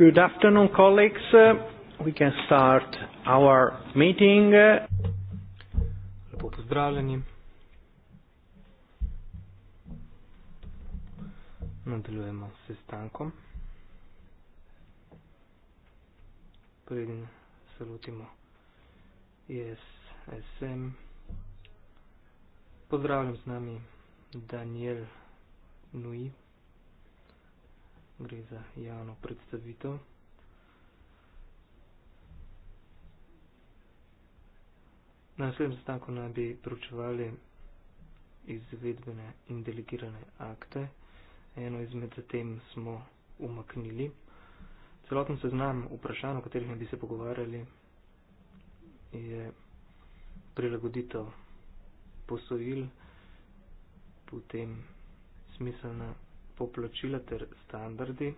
Good afternoon, colleagues. Uh, we can start our meeting. Lepo pozdravljeni. Nadaljujemo s sestankom. Preden se lotimo ISSM, pozdravljam z nami Daniel Nui, gre za javno predstavitev. Na naslednjem sestanku naj bi pročevali izvedbene in delegirane akte. Eno izmed tem smo umaknili. Celoten seznam vprašanj, o katerih naj bi se pogovarjali, je prilagoditev posojil, potem smiselna poplačila ter standardi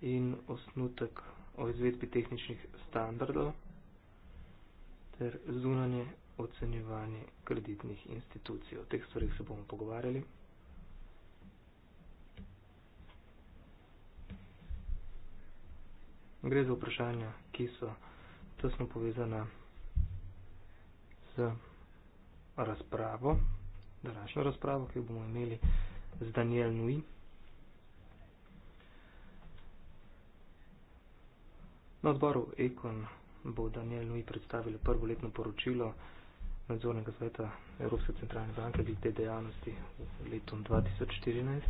in osnutek o izvedbi tehničnih standardov ter zunanje ocenjevanje kreditnih institucij. O teh stvarih se bomo pogovarjali. Gre za vprašanja, ki so tesno povezana z razpravo današnjo razpravo, ki bomo imeli z Daniel Nui. Na odboru Ekon bo Daniel Nui predstavil prvo letno poročilo nadzornega sveta Evropske centralne banke glede dejavnosti v letu 2014.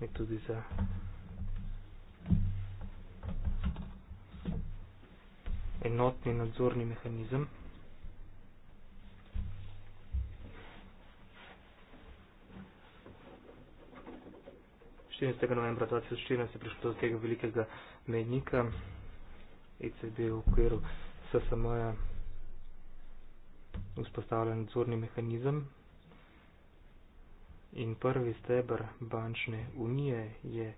In tudi za enotni nadzorni mehanizem. 14. novembra 2014 je prišlo do tega velikega mednika ECB v okviru SSM-ja vzpostavljen nadzorni mehanizem in prvi stebr bančne unije je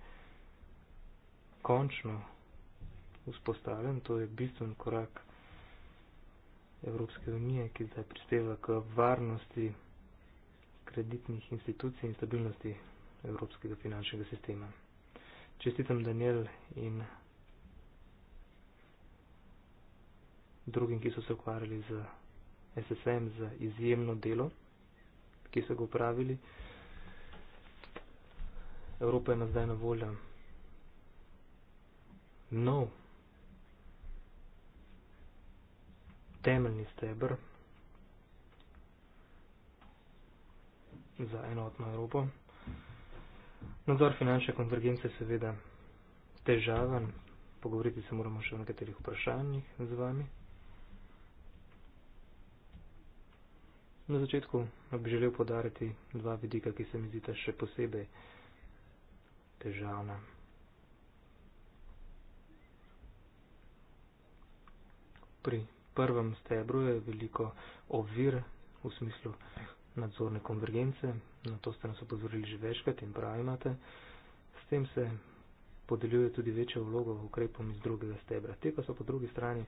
končno vzpostavljen, to je bistven korak Evropske unije, ki zdaj prispeva k varnosti kreditnih institucij in stabilnosti evropskega finančnega sistema. Čestitam Daniel in drugim, ki so se ukvarjali z SSM za izjemno delo, ki so ga upravili. Evropa je na zdaj na voljo nov temeljni stebr za enotno Evropo. Nadzor finančne konvergence je seveda težaven, pogovoriti se moramo še o nekaterih vprašanjih z vami. Na začetku bi želel podariti dva vidika, ki se mi zdita še posebej težavna. Pri prvem stebru je veliko ovir v smislu nadzorne konvergence, na to ste nas opozorili že večkrat in prav imate. S tem se podeljuje tudi večjo vlogo ukrepom iz drugega stebra. Te pa so po drugi strani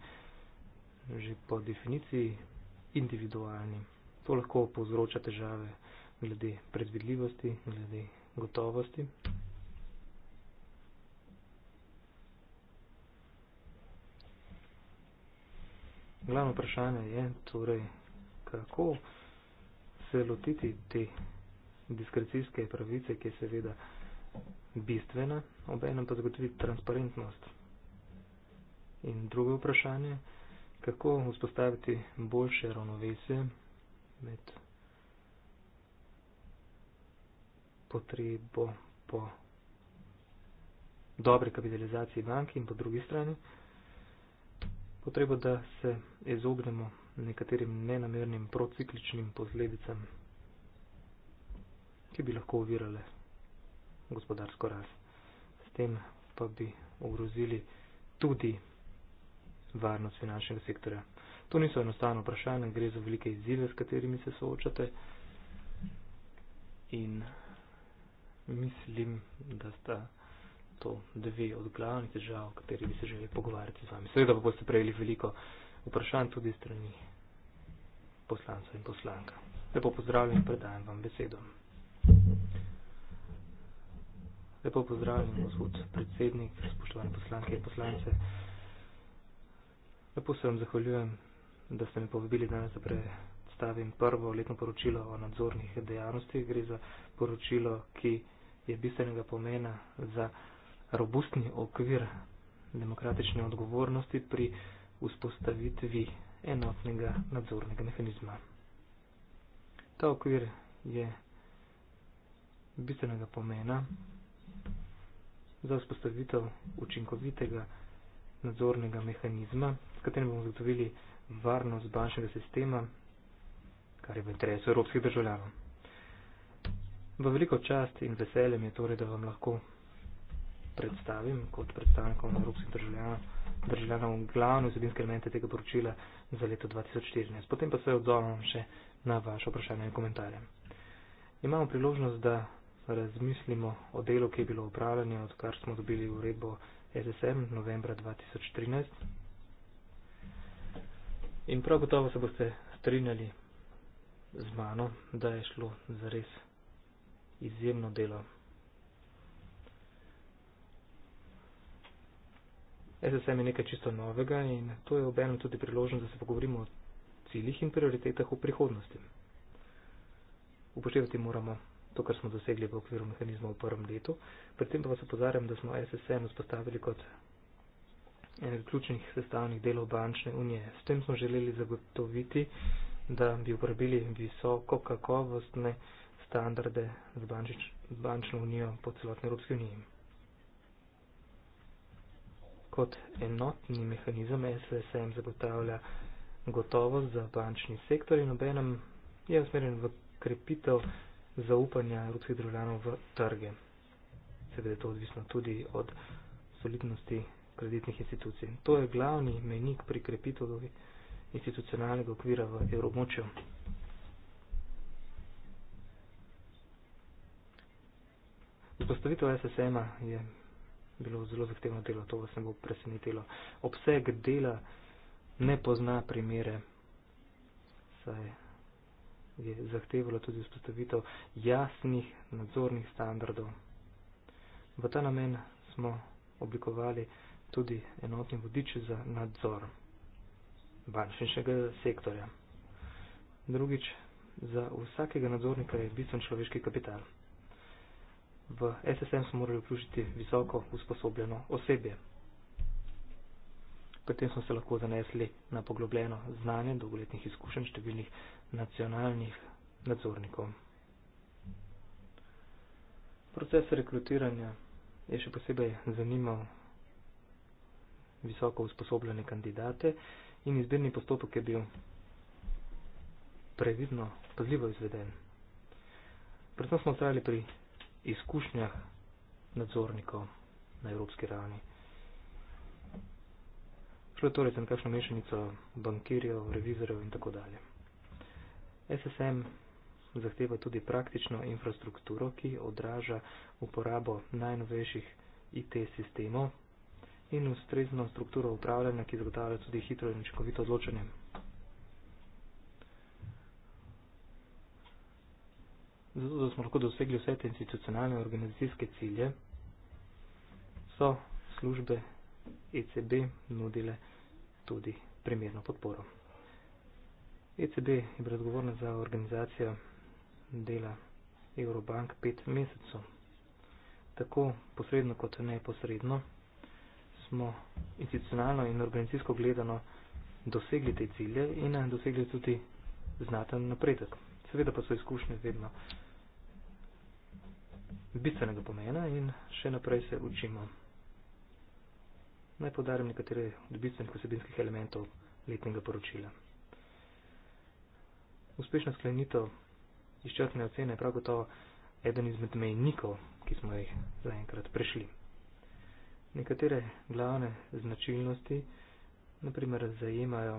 že po definiciji individualni. To lahko povzroča težave glede predvidljivosti, glede gotovosti. Glavno vprašanje je torej, kako se lotiti te diskrecijske pravice, ki je seveda bistvena, obenem pa zagotovi transparentnost. In drugo vprašanje, kako vzpostaviti boljše ravnovesje med potrebo po dobri kapitalizaciji banki in po drugi strani potrebo, da se izognemo nekaterim nenamernim procikličnim posledicam, ki bi lahko ovirale gospodarsko rast. S tem pa bi ogrozili tudi varnost finančnega sektorja. To niso enostavno vprašanje, gre za velike izzive, s katerimi se soočate in mislim, da sta to dve od glavnih težav, o kateri bi se želeli pogovarjati z vami. Seveda pa boste prejeli veliko vprašanj tudi strani poslancev in poslanka. Lepo pozdravljen in predajem vam besedo. Lepo pozdravljen, gospod predsednik, spoštovane poslanke in poslance. Lepo se vam zahvaljujem, da ste mi povabili danes, da predstavim prvo letno poročilo o nadzornih dejavnostih. Gre za poročilo, ki je bistvenega pomena za robustni okvir demokratične odgovornosti pri vzpostavitvi enotnega nadzornega mehanizma. Ta okvir je bistvenega pomena za vzpostavitev učinkovitega nadzornega mehanizma, s katerim bomo zagotovili varnost bančnega sistema, kar je v interesu evropskih državljanov. V veliko čast in veseljem je torej, da vam lahko predstavim kot predstavnikom evropskih državljanov, državljanov glavne vsebinske elemente tega poročila za leto 2014. Potem pa se odzovem še na vaše vprašanje in komentarje. Imamo priložnost, da razmislimo o delu, ki je bilo upravljanje, odkar smo dobili uredbo SSM novembra 2013. In prav gotovo se boste strinjali z mano, da je šlo za res izjemno delo SSM je nekaj čisto novega in to je obenem tudi priložnost, da se pogovorimo o ciljih in prioritetah v prihodnosti. Upoštevati moramo to, kar smo dosegli v okviru mehanizma v prvem letu. Predtem pa vas opozarjam, da smo SSM vzpostavili kot en od ključnih sestavnih delov bančne unije. S tem smo želeli zagotoviti, da bi uporabili visoko kakovostne standarde z banč, bančno unijo po celotni Evropski uniji kot enotni mehanizem SSM zagotavlja gotovost za bančni sektor in obenem je usmerjen v krepitev zaupanja evropskih državljanov v trge. Seveda je to odvisno tudi od solidnosti kreditnih institucij. To je glavni menik pri krepitvi institucionalnega okvira v evromočju. Vzpostavitev SSM-a je bilo zelo zahtevno delo, to vas ne bo presenetilo. Obseg dela ne pozna primere, saj je zahtevalo tudi vzpostavitev jasnih nadzornih standardov. V ta namen smo oblikovali tudi enotni vodič za nadzor bančnišnjega sektorja. Drugič, za vsakega nadzornika je bistven človeški kapital v SSM smo morali vključiti visoko usposobljeno osebje. Potem smo se lahko zanesli na poglobljeno znanje dolgoletnih izkušenj številnih nacionalnih nadzornikov. Proces rekrutiranja je še posebej zanimal visoko usposobljene kandidate in izbirni postopek je bil previdno, pazljivo izveden. Predvsem smo ustrajali pri izkušnjah nadzornikov na evropski ravni. Šlo je torej za nekakšno mešanico bankirjev, revizorjev in tako dalje. SSM zahteva tudi praktično infrastrukturo, ki odraža uporabo najnovejših IT sistemov in ustrezno strukturo upravljanja, ki zagotavlja tudi hitro in učinkovito odločanje zato da smo lahko dosegli vse te institucionalne organizacijske cilje, so službe ECB nudile tudi primerno podporo. ECB je bila odgovorna za organizacijo dela Eurobank pet mesecev. Tako posredno kot neposredno smo institucionalno in organizacijsko gledano dosegli te cilje in dosegli tudi znaten napredek seveda pa so izkušnje vedno bistvenega pomena in še naprej se učimo. Naj podarim nekatere od bistvenih osebinskih elementov letnega poročila. Uspešna sklenitev izčrpne ocene je prav gotovo eden izmed mejnikov, ki smo jih zaenkrat prešli. Nekatere glavne značilnosti, naprimer, zajemajo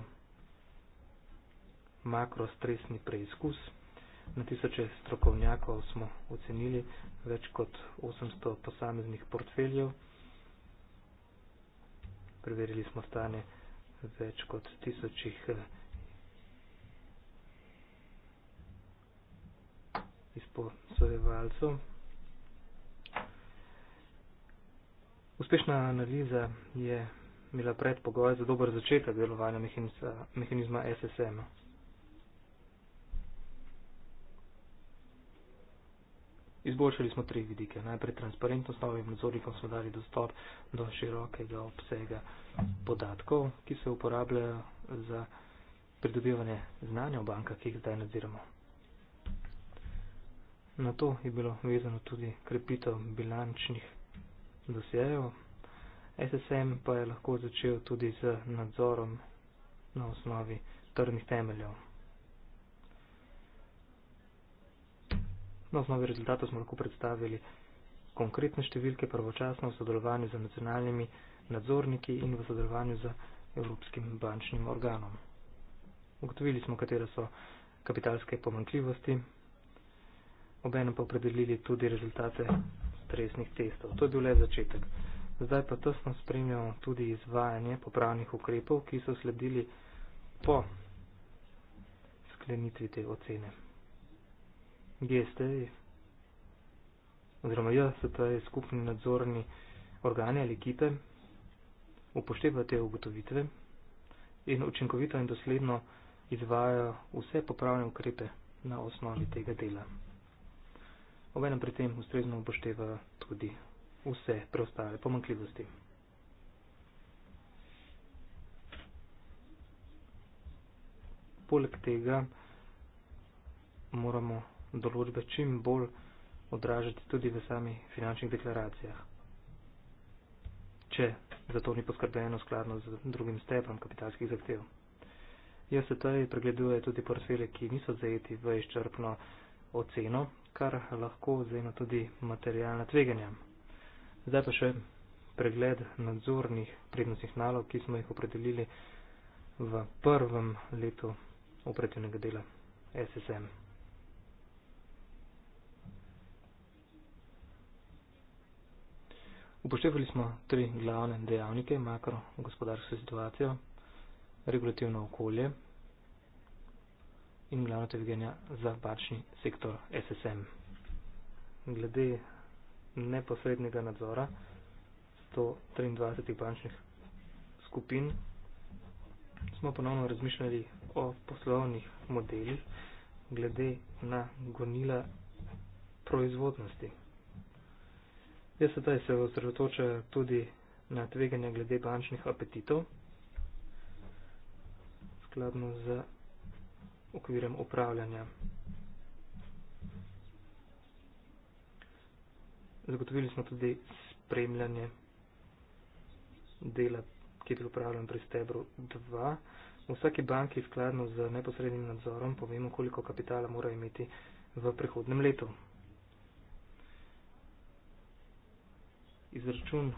makrostresni preizkus, Na tisoče strokovnjakov smo ocenili več kot 800 posameznih portfeljev. Preverili smo stane več kot tisočih eh, izposojevalcev. Uspešna analiza je imela predpogoj za dober začetek delovanja mehanizma SSM. -a. Izboljšali smo tri vidike. Najprej transparentnost, novim nadzornikom smo dali dostop do širokega obsega podatkov, ki se uporabljajo za pridobivanje znanja o bankah, ki jih zdaj nadziramo. Na to je bilo vezano tudi krepitev bilančnih dosjejev. SSM pa je lahko začel tudi z nadzorom na osnovi trdnih temeljev. Na osnovi rezultatov smo lahko predstavili konkretne številke pravočasno v sodelovanju z nacionalnimi nadzorniki in v sodelovanju z Evropskim bančnim organom. Ugotovili smo, katere so kapitalske pomankljivosti, obenem pa opredelili tudi rezultate stresnih testov. To je bil le začetek. Zdaj pa tesno spremljamo tudi izvajanje popravnih ukrepov, ki so sledili po sklenitvi te ocene. GSTI, oziroma JSTI, skupni nadzorni organi ali ekipe, upošteva te ugotovitve in učinkovito in dosledno izvaja vse popravne ukrepe na osnovi tega dela. Obenem pri tem ustrezno upošteva tudi vse preostale pomankljivosti. Poleg tega moramo določbe čim bolj odražati tudi v samih finančnih deklaracijah. Če za to ni poskrbljeno skladno z drugim stepom kapitalskih zahtev. JST pregleduje tudi portfelje, ki niso zajeti v izčrpno oceno, kar lahko zajema tudi materialna tveganja. Zdaj pa še pregled nadzornih prednostnih nalog, ki smo jih opredelili v prvem letu operativnega dela SSM. Upoštevali smo tri glavne dejavnike makrogospodarske situacije, regulativno okolje in glavno teviganja za bančni sektor SSM. Glede neposrednega nadzora 123 bančnih skupin smo ponovno razmišljali o poslovnih modelih glede na gonila proizvodnosti. JST se osredotoča tudi na tveganja glede bančnih apetitov, skladno z okvirem upravljanja. Zagotovili smo tudi spremljanje dela, ki je bilo upravljeno pri stebru 2. V vsaki banki skladno z neposrednim nadzorom povemo, koliko kapitala mora imeti v prihodnem letu. izračun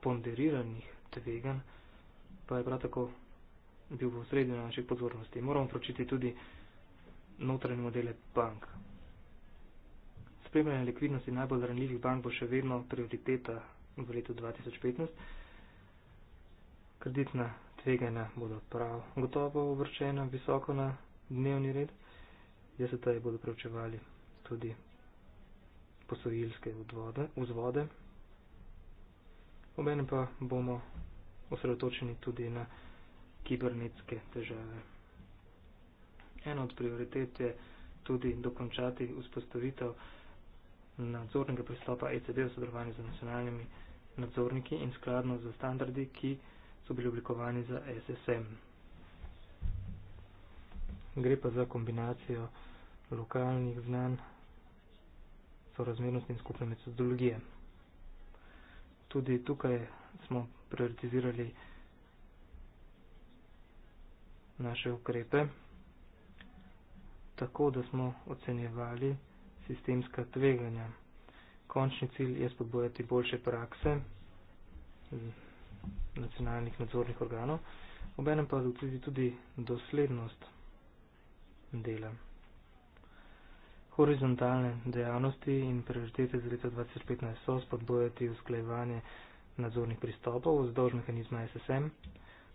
ponderiranih tvegan, pa je prav tako bil v sredi naših pozornosti. Moramo pročiti tudi notranje modele bank. Spremljanje likvidnosti najbolj ranljivih bank bo še vedno prioriteta v letu 2015. Kreditna tveganja bodo prav gotovo uvrčena visoko na dnevni red. Jaz se bodo preučevali tudi posojilske vzvode. vzvode. Omenem pa bomo osredotočeni tudi na kibernetske težave. Ena od prioritet je tudi dokončati vzpostavitev nadzornega pristopa ECD v sodelovanju z nacionalnimi nadzorniki in skladno z standardi, ki so bili oblikovani za SSM. Gre pa za kombinacijo lokalnih znanj, sorazmernosti in skupne metodologije tudi tukaj smo prioritizirali naše ukrepe, tako da smo ocenjevali sistemska tveganja. Končni cilj je spodbojati boljše prakse nacionalnih nadzornih organov, obenem pa tudi doslednost dela. Horizontalne dejavnosti in prioritete za leto 2015 so spodbojati usklajevanje nadzornih pristopov vzdolž mehanizma SSM,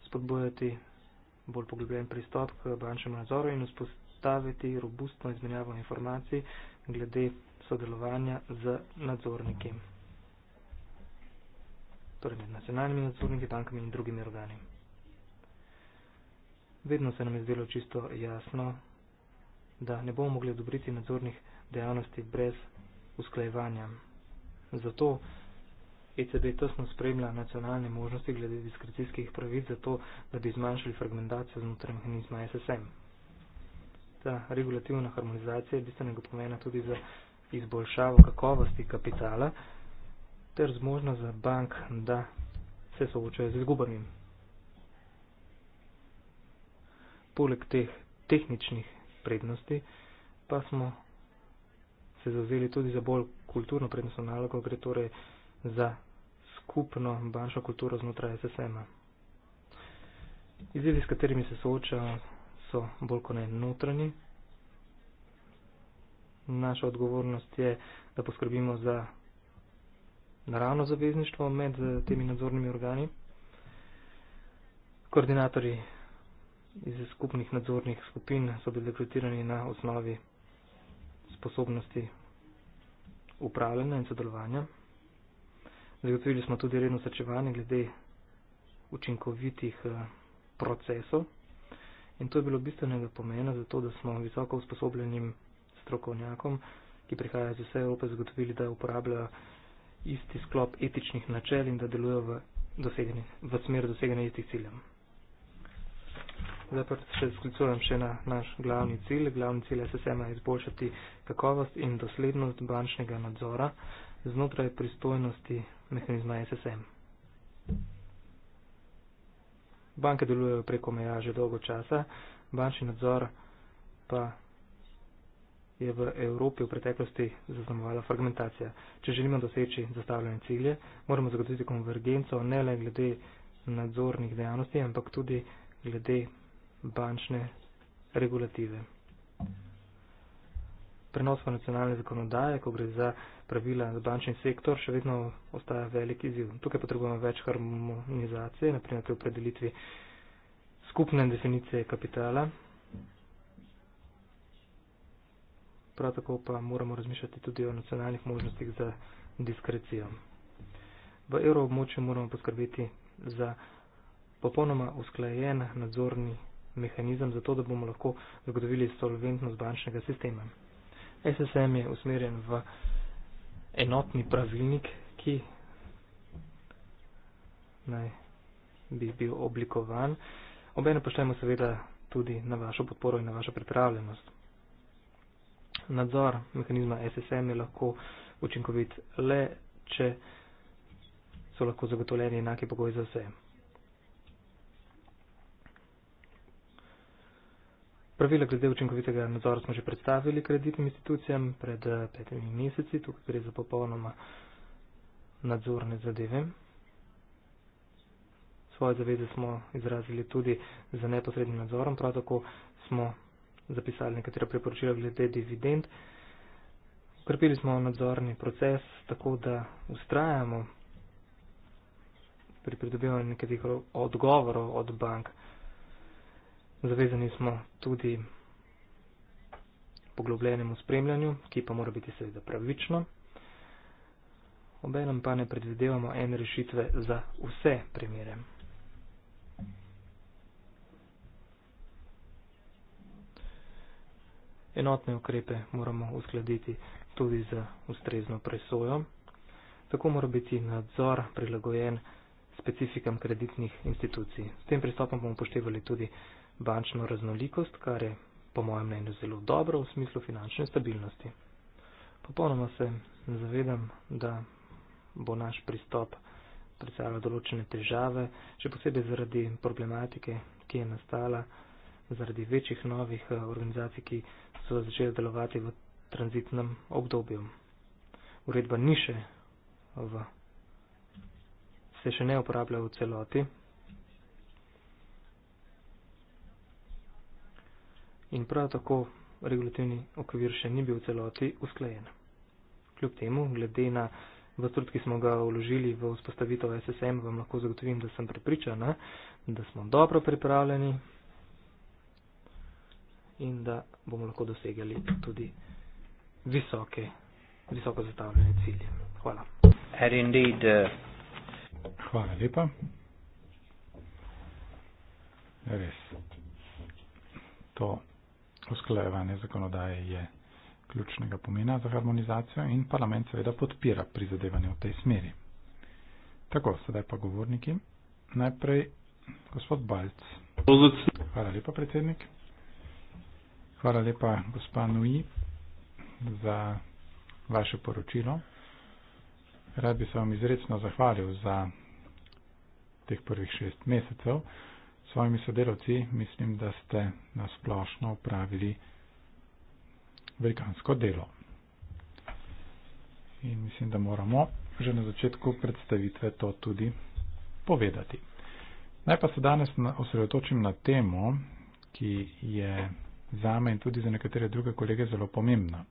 spodbojati bolj poglobljen pristop k bančnemu nadzoru in vzpostaviti robustno izmenjavo informacij glede sodelovanja z nadzorniki, torej med nacionalnimi nadzorniki, bankami in drugimi organi. Vedno se nam je zdelo čisto jasno, da ne bomo mogli odobriti nadzornih dejavnosti brez usklajevanja. Zato ECB tesno spremlja nacionalne možnosti glede diskrecijskih pravic, zato da bi zmanjšali fragmentacijo znotraj mehanizma SSM. Ta regulativna harmonizacija je bistvenega pomena tudi za izboljšavo kakovosti kapitala ter zmožnost za bank, da se soočajo z izgubami. Poleg teh tehničnih prednosti, pa smo se zavzeli tudi za bolj kulturno prednostno nalogo, gre torej za skupno bančno kulturo znotraj SSM-a. Izjeli, s katerimi se soočamo, so bolj kot ne notranji. Naša odgovornost je, da poskrbimo za naravno zavezništvo med eh, temi nadzornimi organi. Koordinatorji iz skupnih nadzornih skupin so bili rekrutirani na osnovi sposobnosti upravljanja in sodelovanja. Zagotovili smo tudi redno srčevanje glede učinkovitih eh, procesov in to je bilo bistvenega pomena zato, da smo visoko usposobljenim strokovnjakom, ki prihajajo iz vse Evrope, zagotovili, da uporabljajo isti sklop etičnih načel in da delujejo v, v smer doseganja istih ciljev. Zdaj pa se sklicujem še na naš glavni cilj. Glavni cilj SSM-a je izboljšati kakovost in doslednost bančnega nadzora znotraj pristojnosti mehanizma SSM. Banke delujejo preko meja že dolgo časa, bančni nadzor pa je v Evropi v preteklosti zaznamovala fragmentacija. Če želimo doseči zastavljene cilje, moramo zagotoviti konvergenco ne le glede nadzornih dejavnosti, ampak tudi glede bančne regulative. Prenos v nacionalne zakonodaje, ko gre za pravila za bančni sektor, še vedno ostaja velik izziv. Tukaj potrebujemo več harmonizacije, naprimer pri opredelitvi skupne definicije kapitala. Prav tako pa moramo razmišljati tudi o nacionalnih možnostih za diskrecijo. V evroobmočju moramo poskrbeti za popolnoma usklajen nadzorni mehanizem za to, da bomo lahko zagotovili solventnost bančnega sistema. SSM je usmerjen v enotni pravilnik, ki naj bi bil oblikovan. Obene poštajmo seveda tudi na vašo podporo in na vašo pripravljenost. Nadzor mehanizma SSM je lahko učinkovit le, če so lahko zagotovljeni enake pogoje za vse. Pravila glede učinkovitega nadzora smo že predstavili kreditnim institucijam pred eh, petimi meseci, tukaj gre za popolnoma nadzorne zadeve. Svoje zaveze smo izrazili tudi za neposrednim nadzorom, prav tako smo zapisali nekatera priporočila glede dividend. Ukrepili smo nadzorni proces tako, da ustrajamo pri pridobivanju nekaterih odgovorov od bank Zavezani smo tudi poglobljenemu spremljanju, ki pa mora biti seveda pravično. Obenem pa ne predvidevamo ene rešitve za vse primere. Enotne ukrepe moramo uskladiti tudi za ustrezno presojo. Tako mora biti nadzor prilagojen specifikam kreditnih institucij. S tem pristopom bomo upoštevali tudi bančno raznolikost, kar je po mojem mnenju zelo dobro v smislu finančne stabilnosti. Popolnoma se zavedam, da bo naš pristop predstavljal določene težave, še posebej zaradi problematike, ki je nastala zaradi večjih novih eh, organizacij, ki so začele delovati v tranzitnem obdobju. Uredba ni še v. se še ne uporablja v celoti, in prav tako regulativni okvir še ni bil v celoti usklajen. Kljub temu, glede na v trud, ki smo ga vložili v vzpostavitev SSM, vam lahko zagotovim, da sem prepričana, da smo dobro pripravljeni in da bomo lahko dosegali tudi visoke, visoko zastavljene cilje. Hvala. Indeed, uh... Hvala lepa. Res. To usklajevanje zakonodaje je ključnega pomena za harmonizacijo in parlament seveda podpira prizadevanje v tej smeri. Tako, sedaj pa govorniki. Najprej gospod Balc. Hvala lepa, predsednik. Hvala lepa, gospa Nui, za vaše poročilo. Rad bi se vam izredno zahvalil za teh prvih šest mesecev svojimi sodelavci, mislim, da ste nasplošno upravili velikansko delo. In mislim, da moramo že na začetku predstavitve to tudi povedati. Naj pa se danes osredotočim na temo, ki je zame in tudi za nekatere druge kolege zelo pomembna.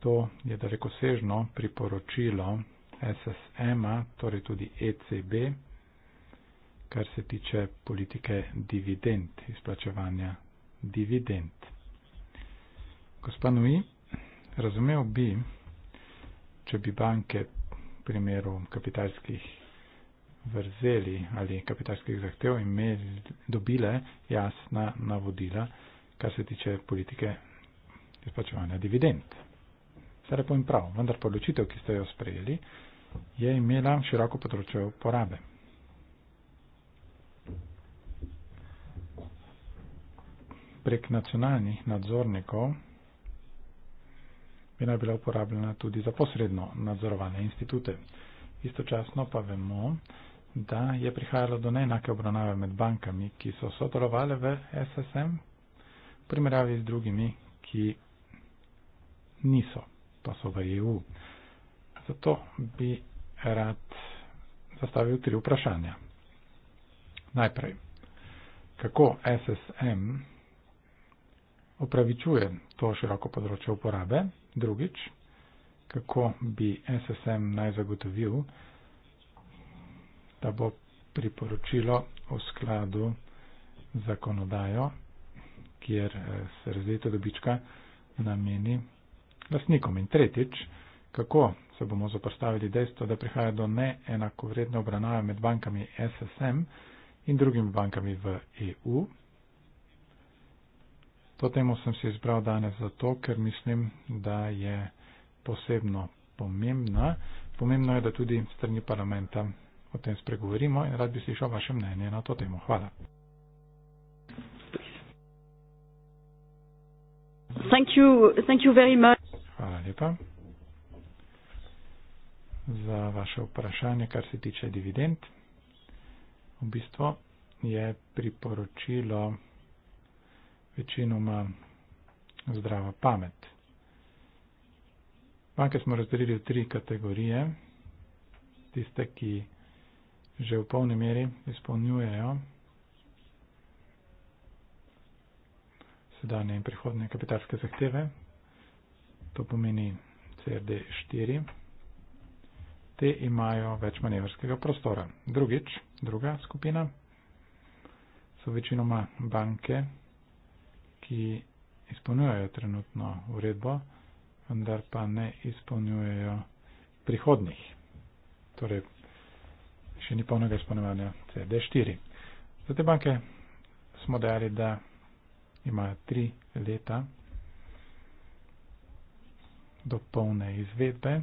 To je dalekosežno priporočilo SSM-a, torej tudi ECB-a, kar se tiče politike dividend, izplačevanja dividend. Gospa Nui, razumel bi, če bi banke primeru kapitalskih vrzeli ali kapitalskih zahtev imeli, dobile jasna navodila, kar se tiče politike izplačevanja dividend. Sedaj povem prav, vendar pa odločitev, ki ste jo sprejeli, je imela široko področje uporabe. prek nacionalnih nadzornikov bi naj bila uporabljena tudi za posredno nadzorovane institute. Istočasno pa vemo, da je prihajalo do neenake obravnave med bankami, ki so sodelovali v SSM, v primerjavi z drugimi, ki niso, pa so v EU. Zato bi rad zastavil tri vprašanja. Najprej, kako SSM opravičuje to široko področje uporabe. Drugič, kako bi SSM naj zagotovil, da bo priporočilo v skladu z zakonodajo, kjer eh, se razdelitev dobička nameni lastnikom. In tretjič, kako se bomo zapostavili dejstvo, da prihaja do neenakovredne obranave med bankami SSM in drugimi bankami v EU, To temo sem si izbral danes zato, ker mislim, da je posebno pomembna. Pomembno je, da tudi strani parlamenta o tem spregovorimo in rad bi slišal vaše mnenje na to temo. Hvala. Thank you, thank you very much. Hvala lepa za vaše vprašanje, kar se tiče dividend. V bistvu je priporočilo večinoma zdrava pamet. Banke smo razdelili v tri kategorije. Tiste, ki že v polni meri izpolnjujejo sedanje in prihodne kapitalske zahteve. To pomeni CRD 4. Te imajo več manevrskega prostora. Drugič, druga skupina so večinoma banke, ki izpolnjujejo trenutno uredbo, vendar pa ne izpolnjujejo prihodnih. Torej, še ni polnega izpolnjevanja CD4. Za te banke smo dejali, da imajo tri leta do polne izvedbe,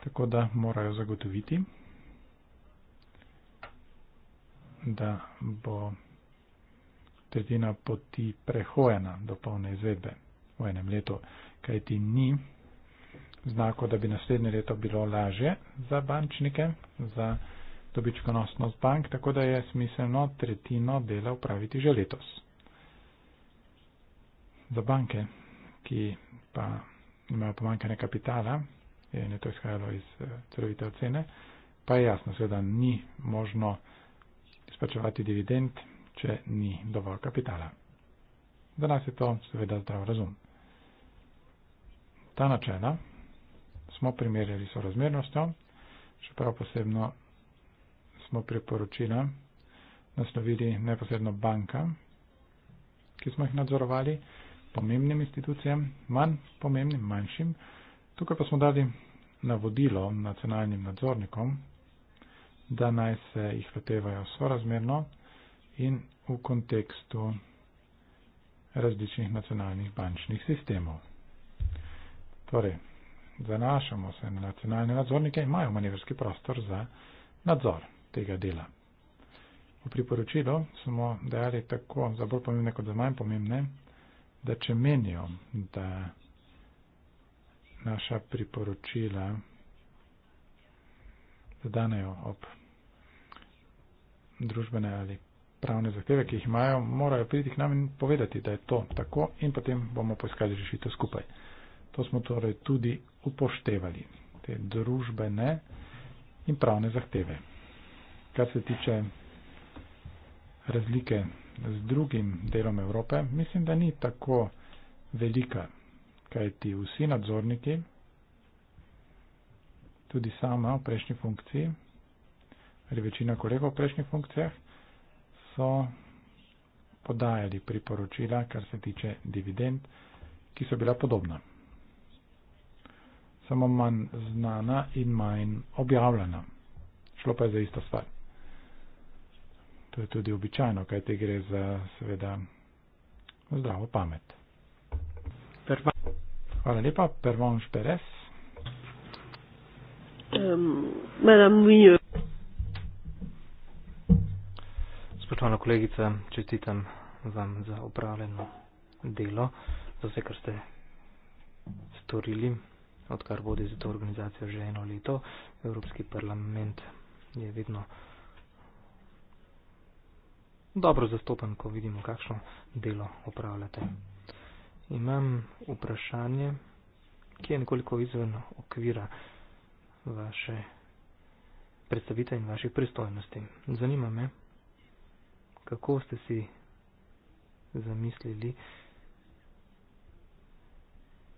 tako da morajo zagotoviti, da bo petina poti prehojena do polne izvedbe v enem letu, kaj ti ni znako, da bi naslednje leto bilo lažje za bančnike, za dobičkonosnost bank, tako da je smiselno tretjino dela upraviti že letos. Za banke, ki pa imajo pomankanje kapitala, in je to izhajalo iz eh, crvite ocene, pa je jasno, seveda ni možno izplačevati dividend če ni dovolj kapitala. Za nas je to seveda zdrav razum. Ta načela smo primerjali s razmernostjo, čeprav posebno smo priporočila naslovili neposredno banka, ki smo jih nadzorovali, pomembnim institucijam, manj pomembnim, manjšim. Tukaj pa smo dali navodilo nacionalnim nadzornikom, da naj se jih lotevajo sorazmerno, in v kontekstu različnih nacionalnih bančnih sistemov. Torej, zanašamo se na nacionalne nadzornike, imajo manevrski prostor za nadzor tega dela. V priporočilu smo dejali tako za bolj pomembne kot za manj pomembne, da če menijo, da naša priporočila zadanejo ob družbene ali pravne zahteve, ki jih imajo, morajo priti k nam in povedati, da je to tako in potem bomo poiskali rešitev skupaj. To smo torej tudi upoštevali, te družbene in pravne zahteve. Kar se tiče razlike z drugim delom Evrope, mislim, da ni tako velika, kajti vsi nadzorniki, tudi sama v prejšnji funkciji, ali večina kolegov v prejšnjih funkcijah, so podajali priporočila, kar se tiče dividend, ki so bila podobna. Samo manj znana in manj objavljena. Šlo pa je za isto stvar. To je tudi običajno, kaj te gre za, seveda, zdravo pamet. Hvala lepa, Pervonš Perez. Um, madame, mieux. spoštovana kolegica, čestitam vam za upravljeno delo, za vse, kar ste storili, odkar vodi za to organizacijo že eno leto. Evropski parlament je vedno dobro zastopan, ko vidimo, kakšno delo upravljate. Imam vprašanje, ki je nekoliko izven okvira vaše predstavitve in vaših pristojnosti. Zanima me, kako ste si zamislili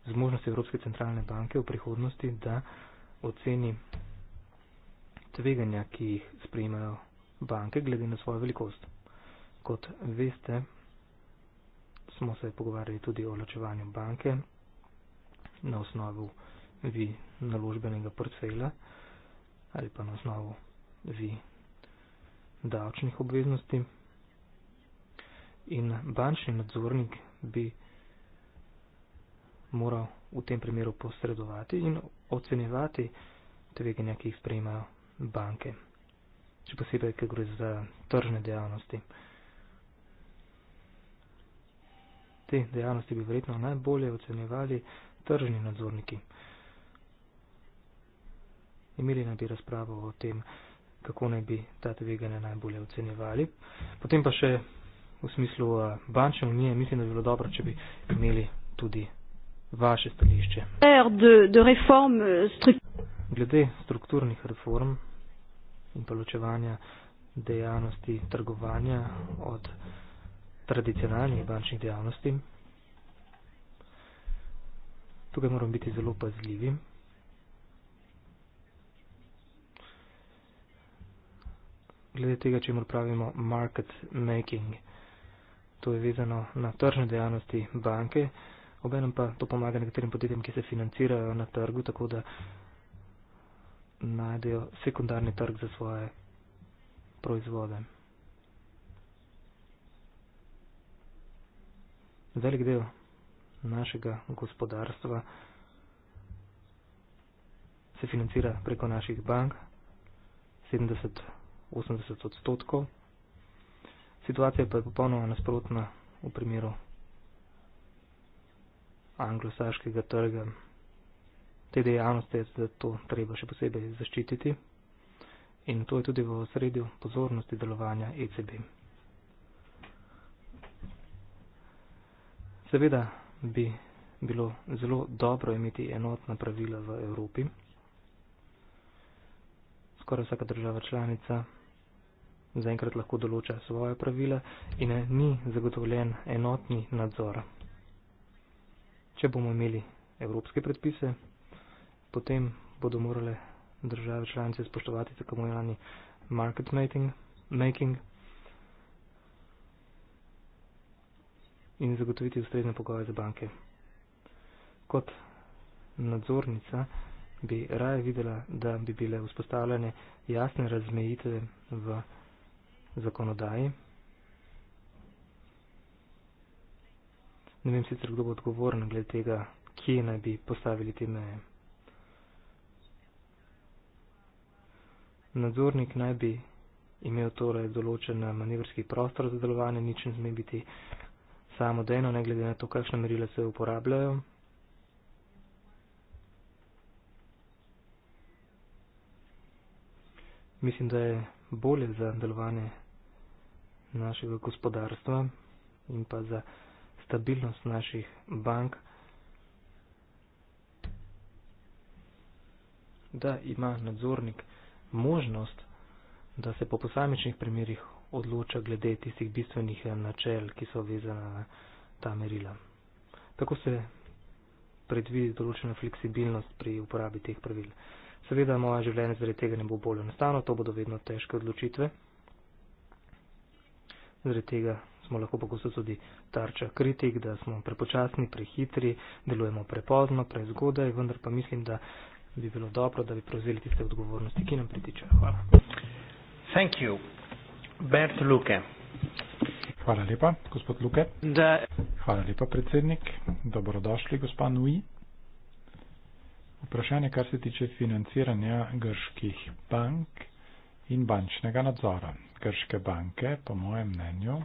zmožnost Evropske centralne banke v prihodnosti, da oceni tveganja, ki jih sprejmejo banke glede na svojo velikost. Kot veste, smo se pogovarjali tudi o lačevanju banke na osnovu vi naložbenega portfela ali pa na osnovu vi davčnih obveznosti in bančni nadzornik bi moral v tem primeru posredovati in ocenjevati tveganja, ki jih sprejemajo banke, če posebej, ker gre za tržne dejavnosti. Te dejavnosti bi verjetno najbolje ocenjevali tržni nadzorniki. Imeli naj bi razpravo o tem, kako naj bi ta tveganja najbolje ocenjevali. Potem pa še v smislu eh, bančne unije, mislim, da bi bilo dobro, če bi imeli tudi vaše stališče. Euh, Glede strukturnih reform in poločevanja dejavnosti trgovanja od tradicionalnih bančnih dejavnosti, tukaj moram biti zelo pazljivi. Glede tega, če mu pravimo market making to je vezano na tržne dejavnosti banke, obenem pa to pomaga nekaterim podjetjem, ki se financirajo na trgu, tako da najdejo sekundarni trg za svoje proizvode. Velik del našega gospodarstva se financira preko naših bank, 70-80 odstotkov. Situacija pa je popolnoma nasprotna v primeru anglosaškega trga. Te dejavnosti je zato treba še posebej zaščititi in to je tudi v osredju pozornosti delovanja ECB. Seveda bi bilo zelo dobro imeti enotna pravila v Evropi. Skoraj vsaka država članica zaenkrat lahko določa svoje pravile in ni zagotovljen enotni nadzor. Če bomo imeli evropske predpise, potem bodo morale države članice spoštovati tako imenovani market making in zagotoviti ustrezne pogoje za banke. Kot nadzornica bi raje videla, da bi bile vzpostavljene jasne razmejitve v zakonodaji. Ne vem sicer, kdo bo odgovoren glede tega, kje naj bi postavili te meje. Nadzornik naj bi imel torej določen manevrski prostor za delovanje, nič ne sme biti samodejno, ne glede na to, kakšne merile se uporabljajo. Mislim, da je bolje za delovanje našega gospodarstva in pa za stabilnost naših bank, da ima nadzornik možnost, da se po posamičnih primerjih odloča glede tistih bistvenih načel, ki so vezana na ta merila. Tako se predvidi določena fleksibilnost pri uporabi teh pravil. Seveda moja življenja zaradi tega ne bo bolj enostavno, to bodo vedno težke odločitve zaradi tega smo lahko pogosto tudi tarča kritik, da smo prepočasni, prehitri, delujemo prepozno, prezgodaj, vendar pa mislim, da bi bilo dobro, da bi prevzeli tiste odgovornosti, ki nam pritičajo. Hvala. Thank you. Bert Luke. Hvala lepa, gospod Luke. Da. Hvala lepa, predsednik. Dobrodošli, gospa Nui. Vprašanje, kar se tiče financiranja grških bank in bančnega nadzora. Krške banke, po mojem mnenju,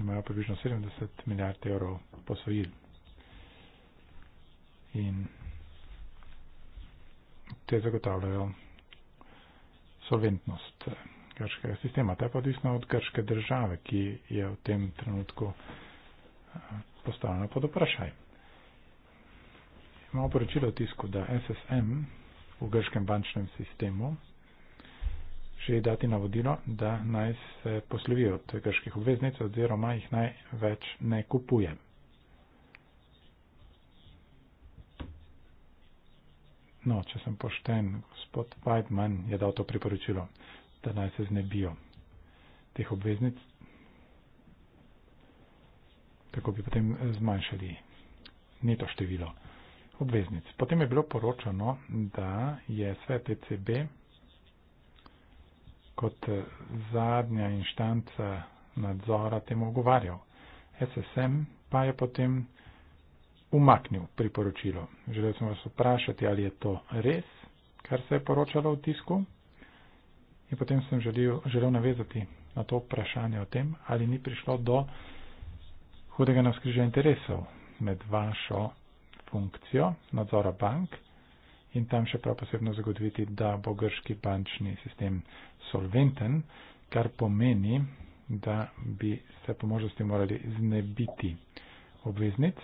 imajo približno 70 milijard evrov posojil. In te zagotavljajo solventnost grškega sistema. Ta je pa odvisna od grške države, ki je v tem trenutku eh, postavljena pod vprašaj. Imamo poročilo v tisku, da SSM v grškem bančnem sistemu, že dati navodilo, da naj se poslovijo od grških obveznic oziroma jih naj več ne kupuje. No, če sem pošten, gospod Weidmann je dal to priporočilo, da naj se znebijo teh obveznic, tako bi potem zmanjšali neto število obveznic. Potem je bilo poročano, da je svet ECB kot eh, zadnja inštanca nadzora temu ogovarjal. SSM pa je potem umaknil priporočilo. Želel sem vas vprašati, ali je to res, kar se je poročalo v tisku. In potem sem želil, želel navezati na to vprašanje o tem, ali ni prišlo do hudega navskrižja interesov med vašo funkcijo nadzora bank in tam še prav posebno zagotoviti, da bo grški bančni sistem solventen, kar pomeni, da bi se po možnosti morali znebiti obveznic.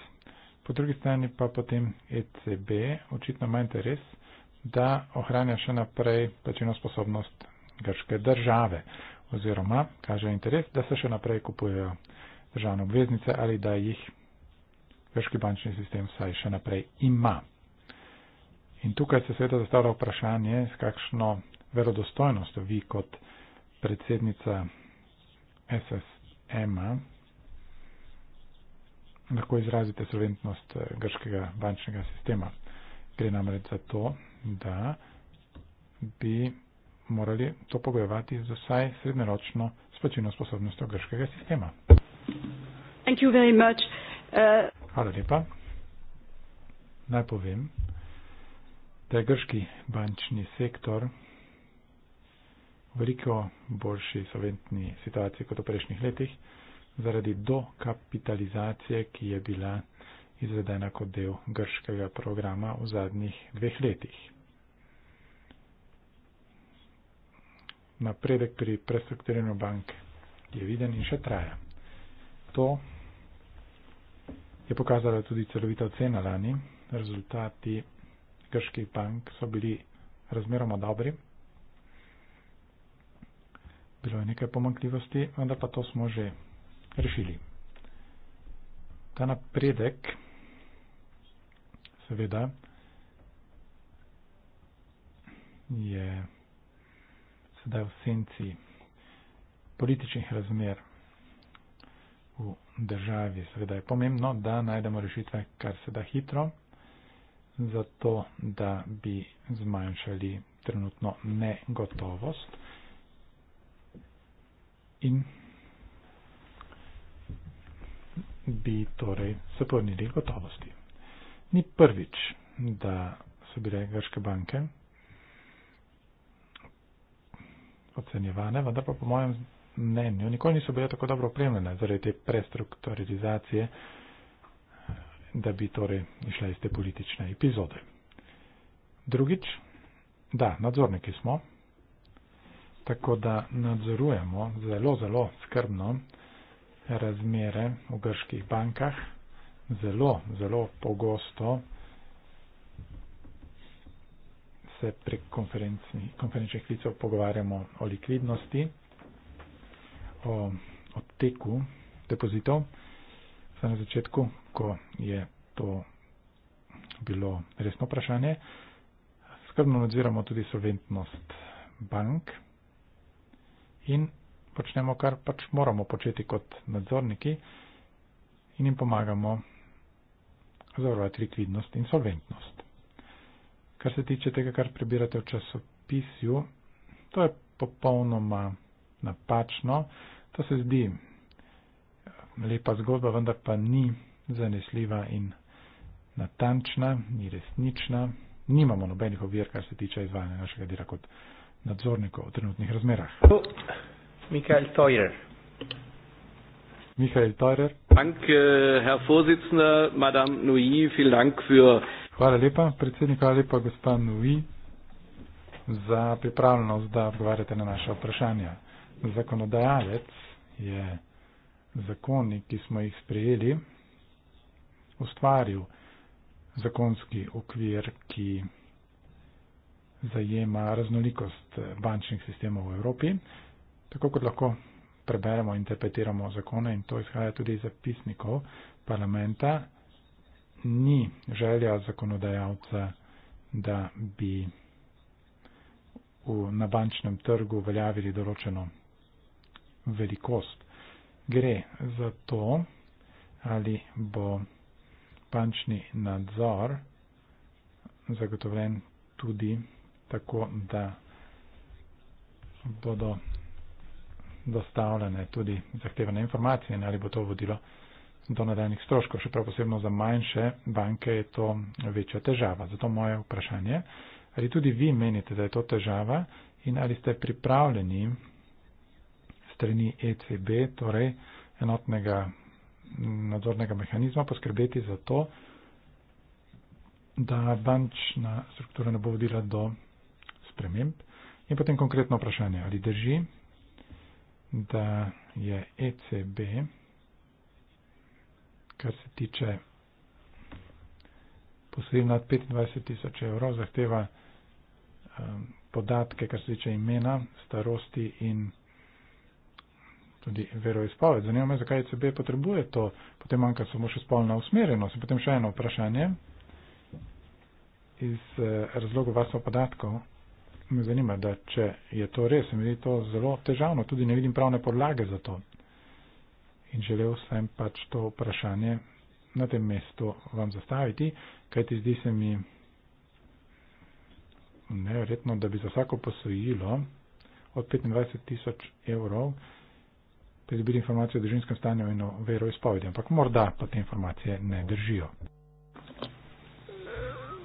Po drugi strani pa potem ECB očitno ima interes, da ohranja še naprej plačilno sposobnost grške države oziroma kaže interes, da se še naprej kupujejo državne obveznice ali da jih grški bančni sistem vsaj še naprej ima. In tukaj se seveda zastavlja vprašanje, s kakšno verodostojnostjo vi kot predsednica SSM-a lahko izrazite solventnost eh, grškega bančnega sistema. Gre namreč za to, da bi morali to pogojevati z vsaj srednjeročno splačilno sposobnostjo grškega sistema. Thank you very much. Uh... Hvala lepa. Naj povem, da je grški bančni sektor veliko boljši solventni situaciji kot v prejšnjih letih zaradi dokapitalizacije, ki je bila izvedena kot del grškega programa v zadnjih dveh letih. Napredek pri prestrukturiranju bank je viden in še traja. To je pokazala tudi celovita ocena lani. Rezultati grških bank so bili razmeroma dobri. Bilo je nekaj pomankljivosti, vendar pa to smo že rešili. Ta napredek seveda je sedaj v senci političnih razmer v državi. Seveda je pomembno, da najdemo rešitve kar se da hitro, zato da bi zmanjšali trenutno negotovost. In bi torej se povrnili gotovosti. Ni prvič, da so bile grške banke ocenjevane, vendar pa po mojem mnenju. Nikoli niso bile tako dobro opremljene zaradi te prestrukturizacije, da bi torej išla iz te politične epizode. Drugič, da, nadzorniki smo, tako da nadzorujemo zelo, zelo skrbno razmere v grških bankah, zelo, zelo pogosto se prek konferenčnih klicev pogovarjamo o likvidnosti o odteku depozitov, na začetku, ko je to bilo resno vprašanje, skrbno nadziramo tudi solventnost bank in počnemo, kar pač moramo početi kot nadzorniki in jim pomagamo zavarovati likvidnost in solventnost. Kar se tiče tega, kar prebirate v časopisju, to je popolnoma napačno. To se zdi eh, lepa zgodba, vendar pa ni zanesljiva in natančna, ni resnična. Nimamo nobenih ovir, kar se tiče izvajanja našega dela kot nadzornikov v trenutnih razmerah. Oh, Mikael Tojer. Mikael Tojer. Dank, eh, herr Vorsitzender, Madame Nui, vielen Dank für. Hvala lepa, predsednik, hvala lepa, gospod Nui, za pripravljenost, da odgovarjate na naše vprašanja zakonodajalec je zakoni, ki smo jih sprejeli, ustvaril zakonski okvir, ki zajema raznolikost bančnih sistemov v Evropi, tako kot lahko preberemo in interpretiramo zakone in to izhaja tudi iz zapisnikov parlamenta, ni želja zakonodajalca, da bi v, na bančnem trgu veljavili določeno velikost. Gre za to, ali bo bančni nadzor zagotovljen tudi tako, da bodo dostavljene tudi zahtevane informacije in ali bo to vodilo do nadaljnih stroškov. Še prav posebno za manjše banke je to večja težava. Zato moje vprašanje, ali tudi vi menite, da je to težava in ali ste pripravljeni strani ECB, torej enotnega nadzornega mehanizma, poskrbeti za to, da bančna struktura ne bo vodila do sprememb. In potem konkretno vprašanje, ali drži, da je ECB, kar se tiče posledil nad 25 tisoč evrov, zahteva um, podatke, kar se tiče imena, starosti in tudi veroizpoved. Zanima me, zakaj ECB potrebuje to, potem manjka samo še spolna usmerjenost. Potem še eno vprašanje iz eh, razlogov vasov podatkov. Me zanima, da če je to res, mi je to zelo težavno, tudi ne vidim pravne podlage za to. In želel sem pač to vprašanje na tem mestu vam zastaviti, kajti zdi se mi neverjetno, da bi za vsako posojilo od 25 tisoč evrov pridobili informacije o družinskem stanju in o veroizpovedi, ampak morda pa te informacije ne držijo.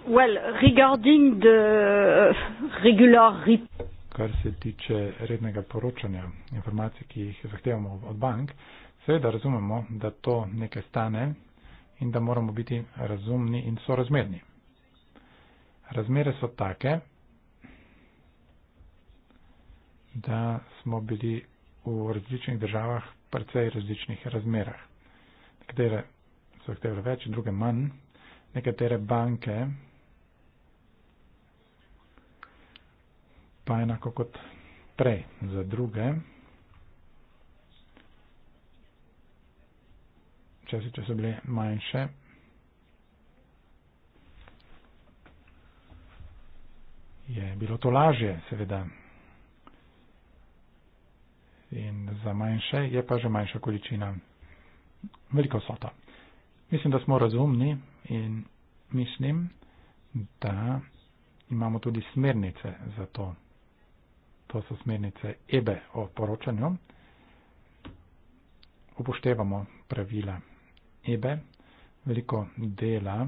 Well, regarding the uh, regular rip. Kar se tiče rednega poročanja informacij, ki jih zahtevamo od bank, seveda razumemo, da to nekaj stane in da moramo biti razumni in sorazmerni. Razmere so take, da smo bili v različnih državah precej različnih razmerah. Nekatere so aktivne več, druge manj. Nekatere banke pa enako kot prej za druge. Časi, če so bile manjše. Je bilo to lažje, seveda in za manjše je pa že manjša količina velika vsota. Mislim, da smo razumni in mislim, da imamo tudi smernice za to. To so smernice EBE e o poročanju. Upoštevamo pravila EBE. E. Veliko dela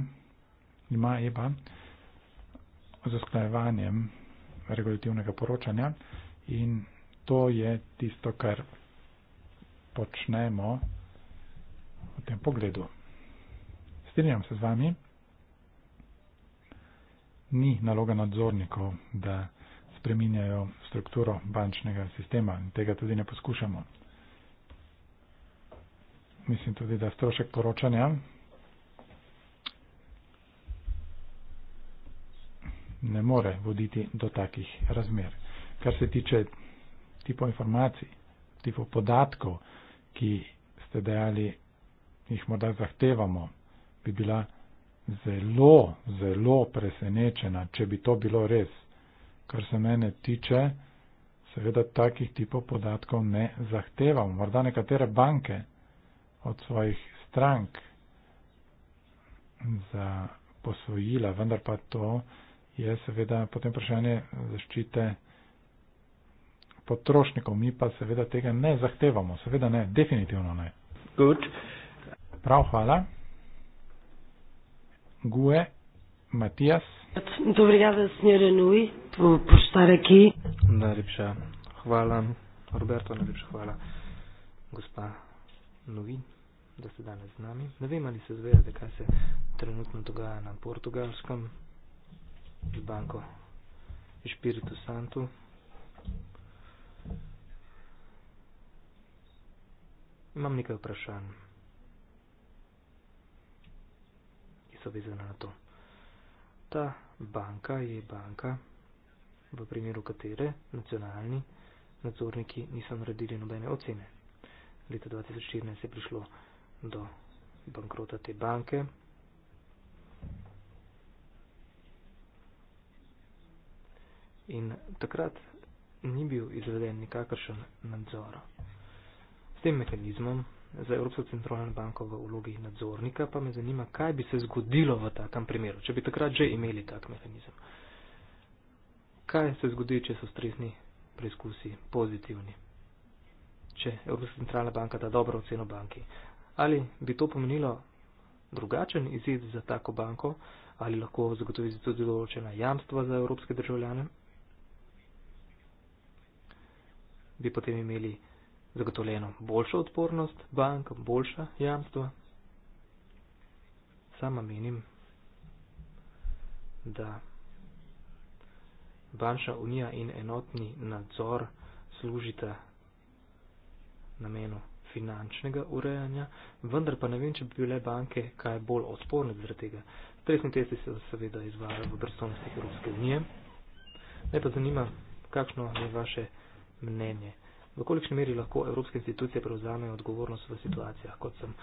ima EBA e z usklajevanjem regulativnega poročanja in to je tisto, kar počnemo v tem pogledu. Strinjam se z vami, ni naloga nadzornikov, da spreminjajo strukturo bančnega sistema in tega tudi ne poskušamo. Mislim tudi, da strošek poročanja ne more voditi do takih razmer. Kar se tiče tipov informacij, tipov podatkov, ki ste dejali, jih morda zahtevamo, bi bila zelo, zelo presenečena, če bi to bilo res. Kar se mene tiče, seveda takih tipov podatkov ne zahtevamo. Morda nekatere banke od svojih strank za posvojila, vendar pa to je seveda potem vprašanje zaščite potrošnikov, mi pa seveda tega ne zahtevamo, seveda ne, definitivno ne. Good. Prav, hvala. Gue, Matijas. Najlepša hvala, Roberto, najlepša hvala, gospa Novi, da ste danes z nami. Ne vem, ali se zavedate, kaj se trenutno dogaja na portugalskem z banko Espiritu Santu. Imam nekaj vprašanj, ki so vezana na to. Ta banka je banka, v primeru katere nacionalni nadzorniki niso naredili nobene ocene. Leta 2014 je prišlo do bankrota te banke. In takrat ni bil izveden nikakršen nadzor tem mehanizmom za Evropsko centralno banko v ulogi nadzornika, pa me zanima, kaj bi se zgodilo v takem primeru, če bi takrat že imeli tak mehanizem. Kaj se zgodi, če so stresni preizkusi pozitivni? Če Evropska centralna banka da dobro oceno banki. Ali bi to pomenilo drugačen izid za tako banko, ali lahko zagotovi tudi določena jamstva za evropske državljane? Bi potem imeli zagotovljeno boljšo odpornost bank, boljša jamstva. Sama menim, da bančna unija in enotni nadzor služita namenu finančnega urejanja, vendar pa ne vem, če bi bile banke kaj bolj odporne zaradi tega. Stresni testi se seveda izvajajo v predstavnosti Evropske unije. Ne pa zanima, kakšno je vaše mnenje v kolikšni meri lahko evropske institucije prevzamejo odgovornost v situacijah, kot sem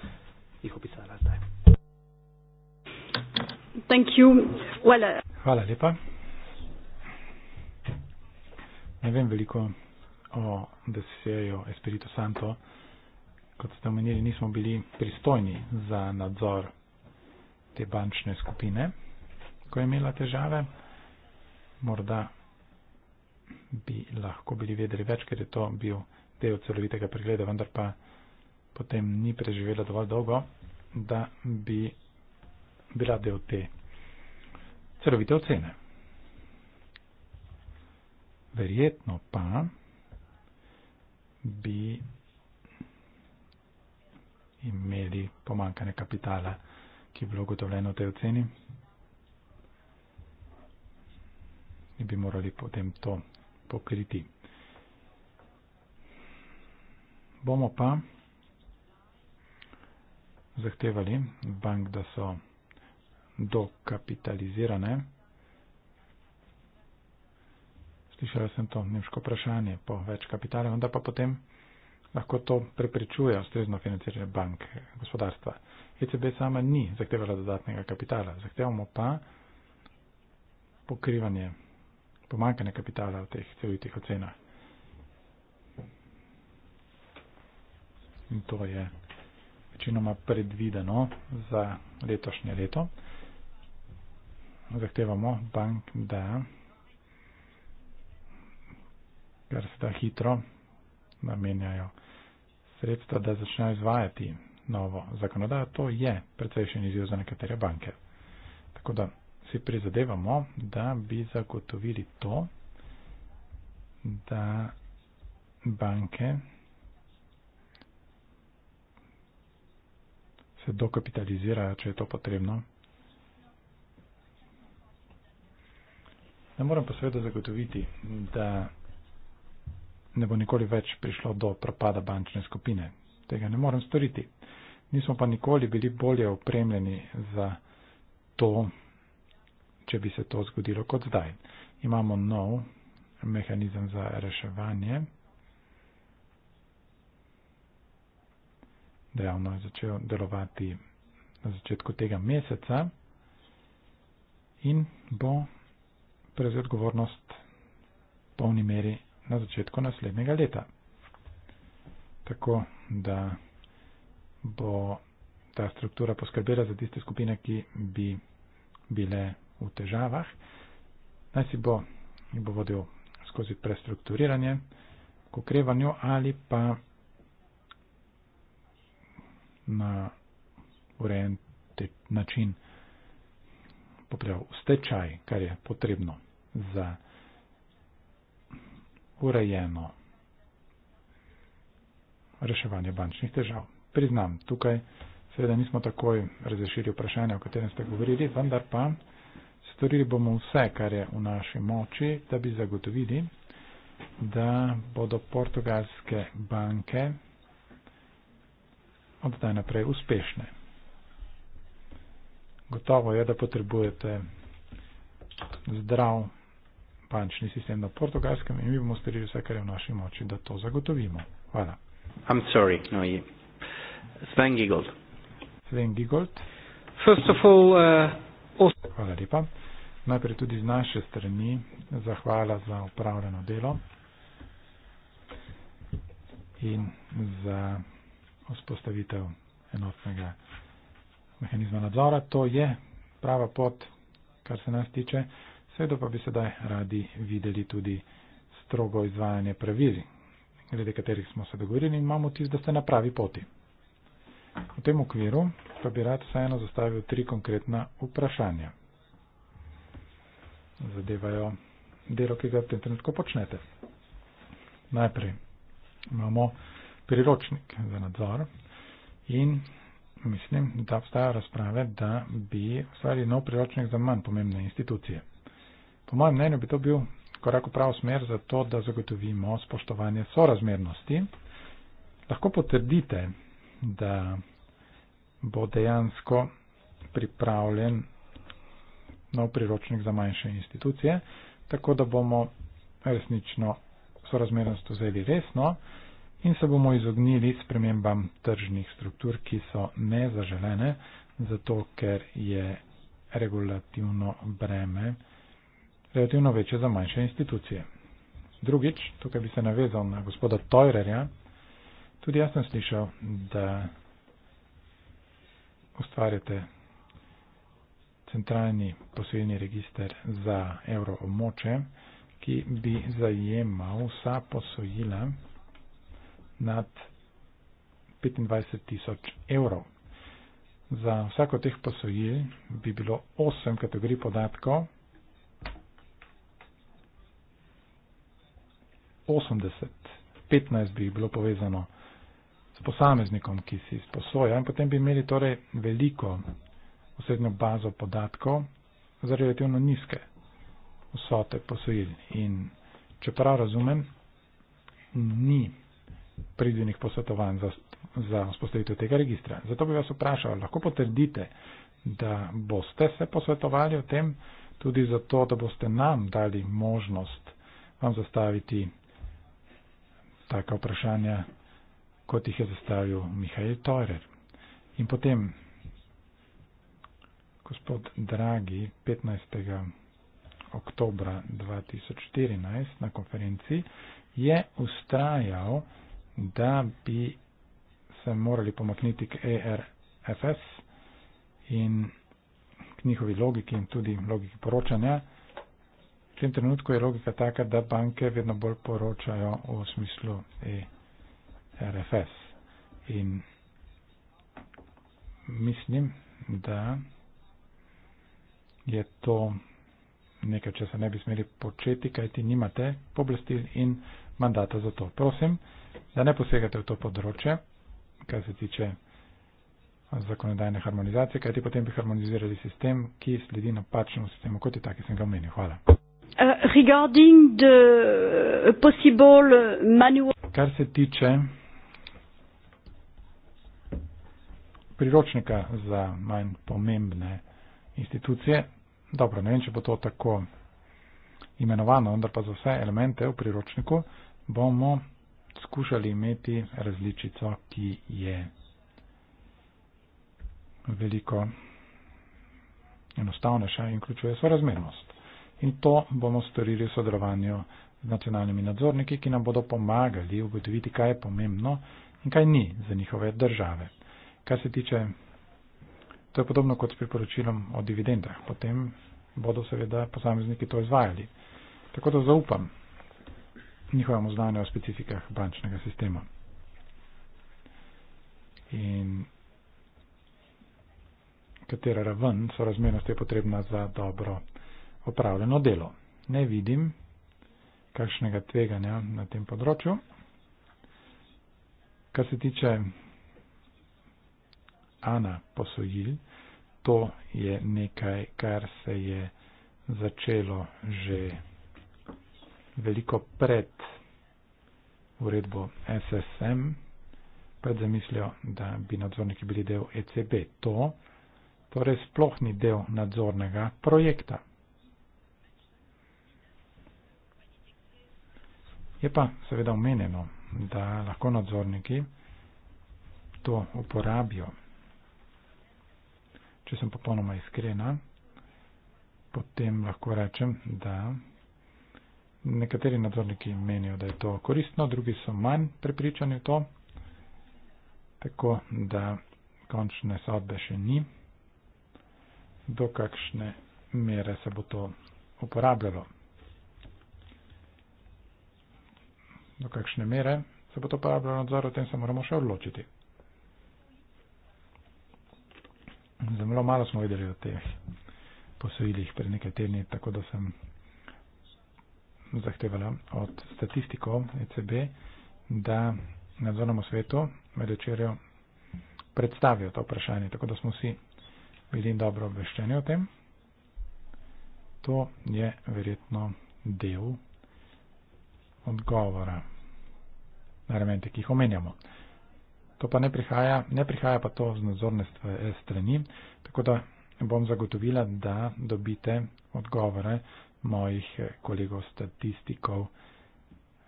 jih opisala zdaj. Thank you. Well, uh... Hvala lepa. Ne vem veliko o desejo Espirito Santo. Kot ste omenili, nismo bili pristojni za nadzor te bančne skupine, ko je imela težave. Morda bi lahko bili vedeli več, ker je to bil del celovitega pregleda, vendar pa potem ni preživela dovolj dolgo, da bi bila del te celovite ocene. Verjetno pa bi imeli pomankanje kapitala, ki je bilo ugotovljeno v tej oceni, in bi morali potem to pokriti. Bomo pa zahtevali bank, da so dokapitalizirane. Slišala sem to nemško vprašanje po več kapitale, vendar pa potem lahko to preprečuje ustrezno financiranje bank gospodarstva. ECB sama ni zahtevala dodatnega kapitala. Zahtevamo pa pokrivanje pomankanje kapitala v teh celovitih ocenah. In to je večinoma predvideno za letošnje leto. Zahtevamo bank, da kar se da hitro namenjajo sredstva, da začnejo izvajati novo zakonodajo. To je precejšen izjiv za nekatere banke. Tako da si prizadevamo, da bi zagotovili to, da banke se dokapitalizirajo, če je to potrebno. Ne moram pa seveda zagotoviti, da ne bo nikoli več prišlo do propada bančne skupine. Tega ne morem storiti. Nismo pa nikoli bili bolje opremljeni za to če bi se to zgodilo kot zdaj. Imamo nov mehanizem za reševanje. Dejavno je začel delovati na začetku tega meseca in bo prevzel odgovornost v polni meri na začetku naslednjega leta. Tako da bo ta struktura poskrbela za tiste skupine, ki bi bile u težavah. Naj si bo, bo vodil skozi prestrukturiranje, k okrevanju ali pa na urejen te, način poprav ustečaj, kar je potrebno za urejeno reševanje bančnih težav. Priznam, tukaj seveda nismo takoj razrešili vprašanja, o katerem ste govorili, vendar pa Storili bomo vse, kar je v naši moči, da bi zagotovili, da bodo portugalske banke od zdaj naprej uspešne. Gotovo je, da potrebujete zdrav bančni sistem na portugalskem in mi bomo storili vse, kar je v naši moči, da to zagotovimo. Hvala. I'm sorry, no, you. Sven Gigold. Sven Gigold. First of all, uh, also... Hvala lepa. Najprej tudi z naše strani zahvala za upravljeno delo in za vzpostavitev enotnega mehanizma nadzora. To je prava pot, kar se nas tiče. Sveto pa bi sedaj radi videli tudi strogo izvajanje pravil, glede katerih smo se dogovorili in imamo tist, da ste na pravi poti. V tem okviru pa bi rad vseeno zastavil tri konkretna vprašanja zadevajo delo, ki ga v tem trenutku počnete. Najprej imamo priročnik za nadzor in mislim, da obstaja razprave, da bi ustvarili nov priročnik za manj pomembne institucije. Po mojem mnenju bi to bil korak v pravo smer za to, da zagotovimo spoštovanje sorazmernosti. Lahko potrdite, da bo dejansko pripravljen nov priročnik za manjše institucije, tako da bomo resnično sorazmernost vzeli resno in se bomo izognili spremembam tržnih struktur, ki so nezaželene, zato ker je regulativno breme relativno večje za manjše institucije. Drugič, tukaj bi se navezal na gospoda Teurerja, tudi jaz sem slišal, da ustvarjate centralni posebni register za evro območje, ki bi zajemal vsa posojila nad 25 tisoč evrov. Za vsako teh posojil bi bilo 8 kategorij podatkov, 80, 15 bi jih bilo povezano s posameznikom, ki si izposoja in potem bi imeli torej veliko osebno bazo podatkov za relativno nizke vsote posojil. In če prav razumem, ni predvidenih posvetovanj za, za vzpostavitev tega registra. Zato bi vas vprašal, lahko potrdite, da boste se posvetovali o tem, tudi zato, da boste nam dali možnost vam zastaviti taka vprašanja, kot jih je zastavil Mihajl Torer. In potem gospod Dragi 15. oktobra 2014 na konferenci je ustrajal, da bi se morali pomakniti k ERFS in k njihovi logiki in tudi logiki poročanja. V tem trenutku je logika taka, da banke vedno bolj poročajo v smislu ERFS. In mislim, da je to nekaj, če se ne bi smeli početi, kajti nimate poblestil in mandata za to. Prosim, da ne posegate v to področje, kar se tiče zakonodajne harmonizacije, kajti potem bi harmonizirali sistem, ki sledi napačnemu sistemu, kot je tak, ki sem ga omenil. Hvala. Uh, uh, kar se tiče priročnika za manj pomembne institucije. Dobro, ne vem, če bo to tako imenovano, vendar pa za vse elemente v priročniku bomo skušali imeti različico, ki je veliko enostavnejša in vključuje sorazmernost. In to bomo storili v sodelovanju z nacionalnimi nadzorniki, ki nam bodo pomagali ugotoviti, kaj je pomembno in kaj ni za njihove države. Kar se tiče To je podobno kot s priporočilom o dividendah. Potem bodo seveda posamezniki to izvajali. Tako da zaupam njihovemu znanju o specifikah bančnega sistema. In katera raven sorazmernosti je potrebna za dobro opravljeno delo. Ne vidim kakšnega tveganja na tem področju. Kar se tiče Ana posojil, to je nekaj, kar se je začelo že veliko pred uredbo SSM, pred zamislijo, da bi nadzorniki bili del ECB. To torej sploh ni del nadzornega projekta. Je pa seveda omenjeno, da lahko nadzorniki to uporabijo če sem popolnoma iskrena, potem lahko rečem, da nekateri nadzorniki menijo, da je to koristno, drugi so manj prepričani v to, tako da končne sodbe še ni, do kakšne mere se bo to uporabljalo. Do kakšne mere se bo to uporabljalo nadzor, o tem se moramo še odločiti. Zelo malo smo videli o teh posojilih pred nekaj tedni, tako da sem zahtevala od statistikov ECB, da nadzornemu svetu med večerjo predstavijo to vprašanje, tako da smo vsi bili dobro obveščeni o tem. To je verjetno del odgovora na elemente, ki jih omenjamo. To pa ne prihaja, ne prihaja pa to z nadzorne eh, strani, tako da bom zagotovila, da dobite odgovore mojih eh, kolegov statistikov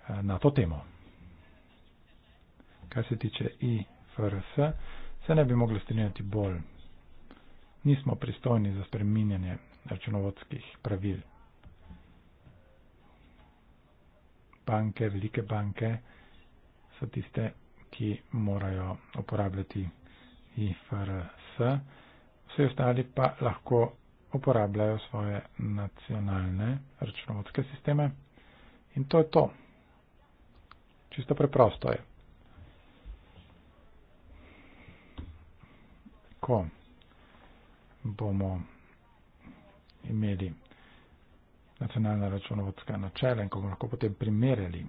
eh, na to temo. Kar se tiče IFRS, se ne bi mogli strinjati bolj. Nismo pristojni za spreminjanje računovodskih pravil. Banke, velike banke so tiste, ki morajo uporabljati IFRS, vsi ostali pa lahko uporabljajo svoje nacionalne računovodske sisteme. In to je to. Čisto preprosto je. Ko bomo imeli nacionalna računovodska načela in ko bomo lahko potem primerjali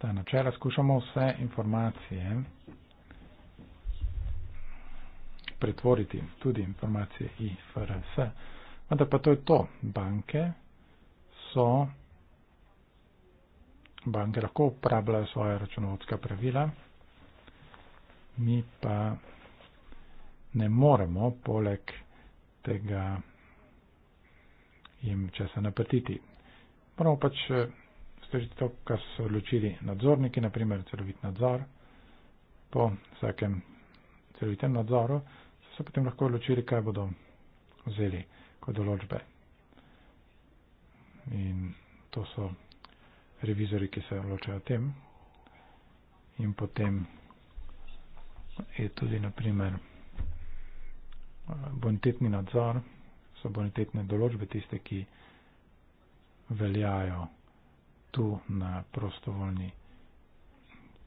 ta načela, skušamo vse informacije pretvoriti, tudi informacije IFRS. Vendar pa to je to. Banke so, banke lahko uporabljajo svoje računovodska pravila, mi pa ne moremo poleg tega jim česa napetiti. Moramo pač eh, storiti to, kar so odločili nadzorniki, naprimer celovit nadzor. Po vsakem celovitem nadzoru so se potem lahko odločili, kaj bodo vzeli kot določbe. In to so revizori, ki se odločajo o tem. In potem je tudi, naprimer, bonitetni nadzor, so bonitetne določbe tiste, ki veljajo tu na prostovoljni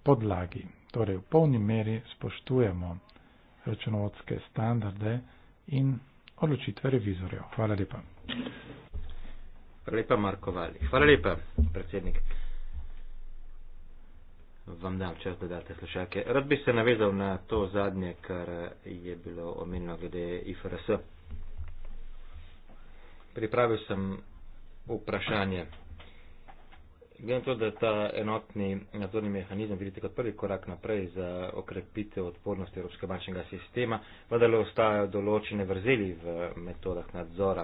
podlagi. Torej, v polni meri spoštujemo računovodske standarde in odločitve revizorjev. Hvala lepa. Hvala lepa, Marko Vali. Hvala lepa, predsednik. Vam dam čas, da date slušalke. Rad bi se navezal na to zadnje, kar je bilo omenjeno glede IFRS. Pripravil sem vprašanje. Ah. Glede na to, da je ta enotni nadzorni mehanizem, vidite kot prvi korak naprej za okrepitev odpornosti Evropskega bančnega sistema, vendar le ostajajo določene vrzeli v metodah nadzora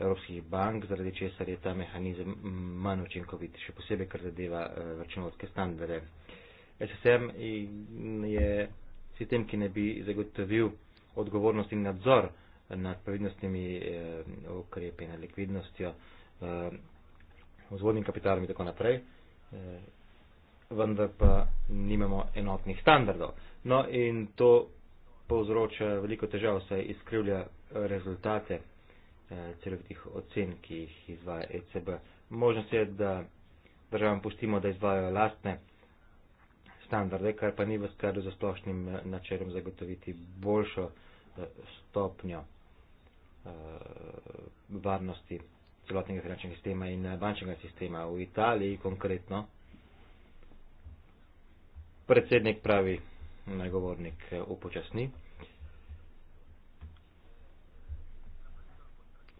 Evropskih bank, zaradi česar je ta mehanizem manj učinkovit, še posebej, kar zadeva eh, računovodske standarde. SSM je sistem, ki ne bi zagotovil odgovornost in nadzor nad previdnostnimi eh, ukrepi, nad likvidnostjo. Eh, vzvodnim kapitalom in tako naprej, eh, vendar pa nimamo enotnih standardov. No in to povzroča veliko težav, saj izkrivlja rezultate eh, celotnih ocen, ki jih izvaja ECB. Možnost je, da državam pustimo, da izvajo lastne standarde, kar pa ni v skladu za splošnim eh, načelom zagotoviti boljšo stopnjo varnosti celotnega finančnega sistema in eh, bančnega sistema. V Italiji konkretno predsednik pravi, nagovornik eh, upočasni.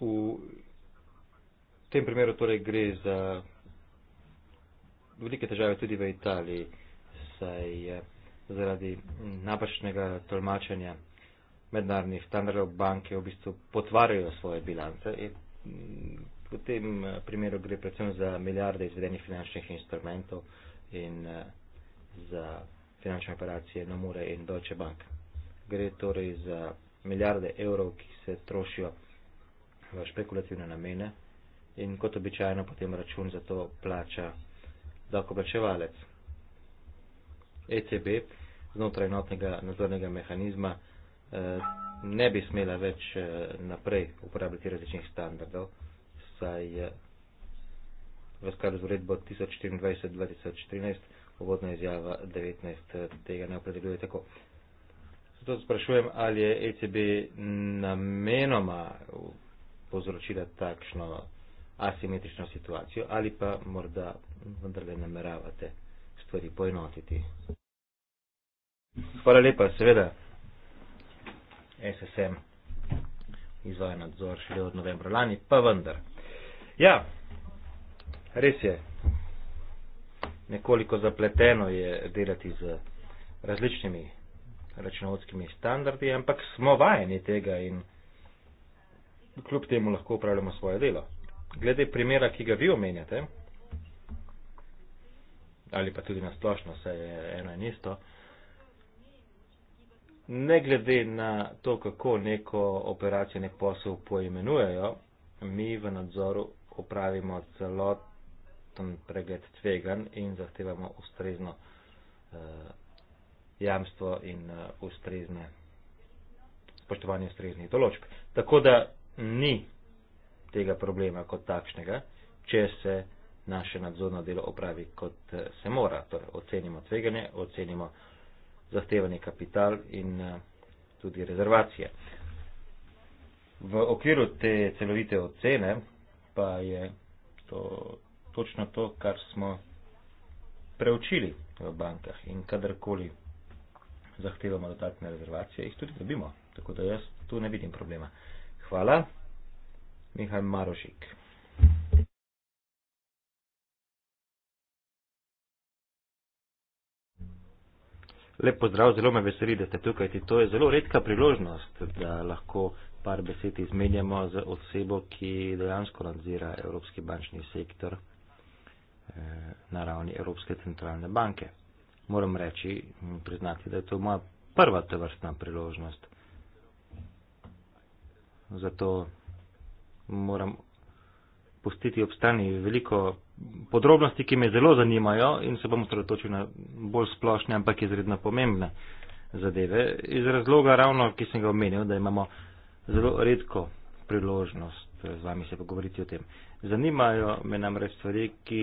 V tem primeru torej gre za velike težave tudi v Italiji, saj je eh, zaradi napačnega tolmačenja mednarodnih standardov banke v bistvu potvarjajo svoje bilance in v tem eh, primeru gre predvsem za milijarde izvedenih finančnih instrumentov in eh, za finančne operacije Nomure in Deutsche Bank. Gre torej za milijarde evrov, ki se trošijo v špekulativne namene in kot običajno potem račun za to plača davkoplačevalec. ECB znotraj notnega nadzornega mehanizma eh, ne bi smela več naprej uporabljati različnih standardov saj v skladu z uredbo 1024-2014 uvodna izjava 19 eh, tega ne opredeljuje tako. Zato sprašujem, ali je ECB namenoma povzročila takšno asimetrično situacijo ali pa morda vendarle nameravate stvari poenotiti. Hvala lepa, seveda. SSM izvaja nadzor šele od novembra lani, pa vendar. Ja, res je. Nekoliko zapleteno je delati z različnimi računovodskimi standardi, ampak smo vajeni tega in kljub temu lahko upravljamo svoje delo. Glede primera, ki ga vi omenjate, ali pa tudi na splošno, se je eno in isto, ne glede na to, kako neko operacijo, nek posel poimenujejo, mi v nadzoru opravimo celoten pregled tvegan in zahtevamo ustrezno eh, jamstvo in eh, ustrezne spoštovanje ustreznih določb. Tako da ni tega problema kot takšnega, če se naše nadzorno delo opravi kot eh, se mora. Torej, ocenimo tveganje, ocenimo zahtevani kapital in eh, tudi rezervacije. V okviru te celovite ocene pa je to točno to, kar smo preučili v bankah in kadarkoli zahtevamo dodatne rezervacije, jih tudi dobimo. Tako da jaz tu ne vidim problema. Hvala. Mihaj Marošik. Lep pozdrav, zelo me veseli, da ste tukaj. To je zelo redka priložnost, da lahko par besed izmenjamo z osebo, ki dejansko nadzira evropski bančni sektor eh, na ravni Evropske centralne banke. Moram reči in priznati, da je to moja prva tovrstna priložnost. Zato moram pustiti ob strani veliko podrobnosti, ki me zelo zanimajo in se bom osredotočil na bolj splošne, ampak izredno pomembne zadeve. Iz razloga ravno, ki sem ga omenil, da imamo zelo redko priložnost eh, z vami se pogovoriti o tem. Zanimajo me namreč stvari, ki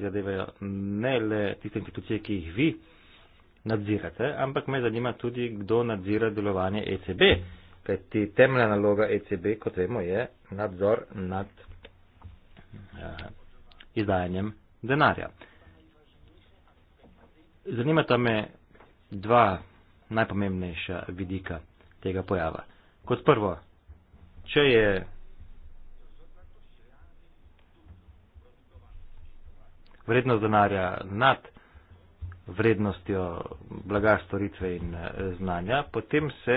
zadevajo ne le tiste institucije, ki jih vi nadzirate, ampak me zanima tudi, kdo nadzira delovanje ECB. Kajti temeljna naloga ECB, kot vemo, je nadzor nad eh, izdajanjem denarja. Zanimata me dva najpomembnejša vidika tega pojava. Kot prvo, če je vrednost denarja nad vrednostjo blaga, storitve in eh, znanja, potem se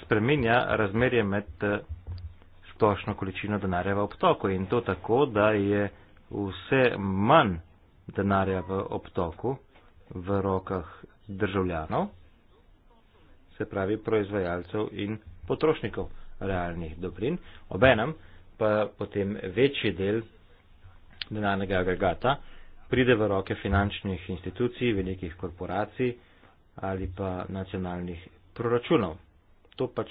spreminja razmerje med eh, splošno količino denarja v obtoku in to tako, da je vse manj denarja v obtoku v rokah državljanov, se pravi proizvajalcev in potrošnikov realnih dobrin, obenem pa potem večji del denarnega agregata pride v roke finančnih institucij, velikih korporacij ali pa nacionalnih proračunov. To pač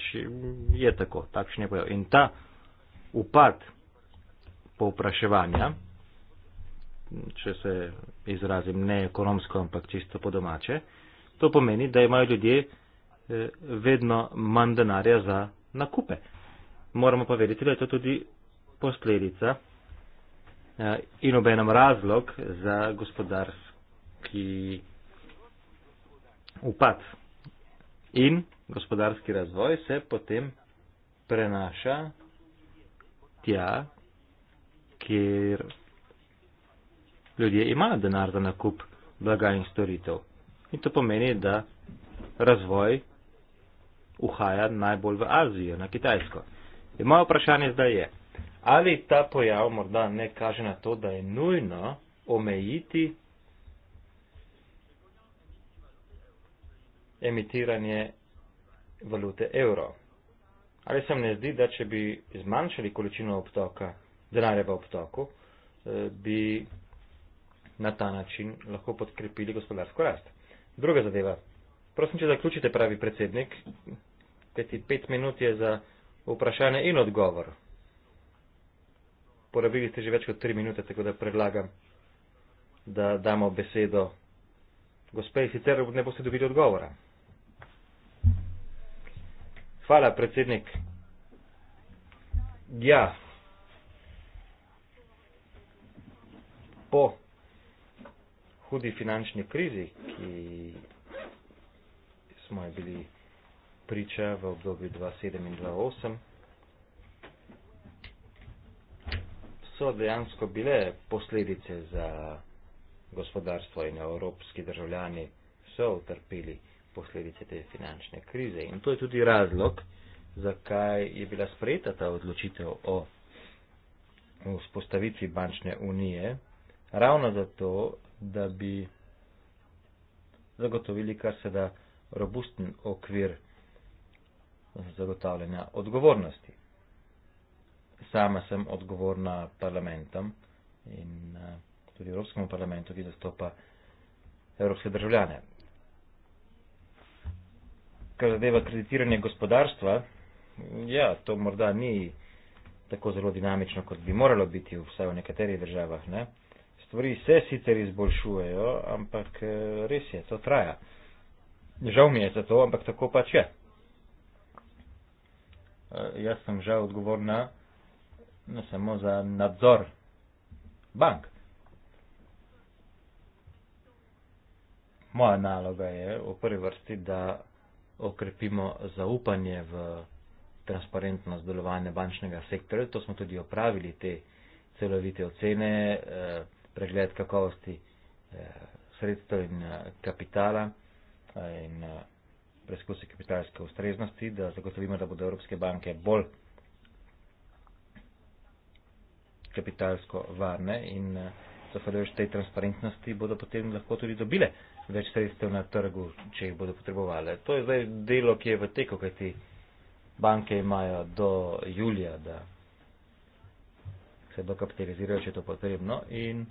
je tako, takšen je pojav. In ta upad povpraševanja, če se izrazim ne ekonomsko, ampak čisto po domače, to pomeni, da imajo ljudje Eh, vedno manj denarja za nakupe. Moramo pa vedeti, da je to tudi posledica eh, in obenem razlog za gospodarski upad. In gospodarski razvoj se potem prenaša tja, kjer ljudje imajo denar za nakup blaga in storitev. In to pomeni, da razvoj uhaja najbolj v Azijo, na Kitajsko. In moje vprašanje zdaj je, ali ta pojav morda ne kaže na to, da je nujno omejiti emitiranje valute evro. Ali se vam ne zdi, da če bi zmanjšali količino obtoka, denarja v obtoku, eh, bi na ta način lahko podkrepili gospodarsko rast? Druga zadeva. Prosim, če zaključite, pravi predsednik, kajti pet minut je za vprašanje in odgovor. Porabili ste že več kot tri minute, tako da predlagam, da damo besedo gospej, sicer ne boste dobili odgovora. Hvala, predsednik. Ja. Po hudi finančni krizi, ki smo ji bili priča v obdobju 2007 in 2008, so dejansko bile posledice za gospodarstvo in evropski državljani so utrpeli posledice te finančne krize. In to je tudi razlog, zakaj je bila sprejeta ta odločitev o vzpostavitvi bančne unije, ravno zato, da bi zagotovili kar se da robusten okvir zagotavljanja odgovornosti. Sama sem odgovorna parlamentom in eh, tudi Evropskemu parlamentu, ki zastopa evropske državljane. Kar zadeva kreditiranje gospodarstva, ja, to morda ni tako zelo dinamično, kot bi moralo biti vsaj v nekaterih državah. Ne? Stvari se sicer izboljšujejo, ampak eh, res je, to traja. Žal mi je za to, ampak tako pač je. E, jaz sem žal odgovorna ne samo za nadzor bank. Moja naloga je v prvi vrsti, da okrepimo zaupanje v transparentnost delovanja bančnega sektorja. To smo tudi opravili, te celovite ocene, e, pregled kakovosti e, sredstev in kapitala in eh, preskusi kapitalske ustreznosti, da zagotovimo, da bodo evropske banke bolj kapitalsko varne in zahvaljujoč eh, tej transparentnosti bodo potem lahko tudi dobile več sredstev na trgu, če jih bodo potrebovali. To je zdaj delo, ki je v teku, kajti banke imajo do julija, da se dokapitalizirajo, če je to potrebno. In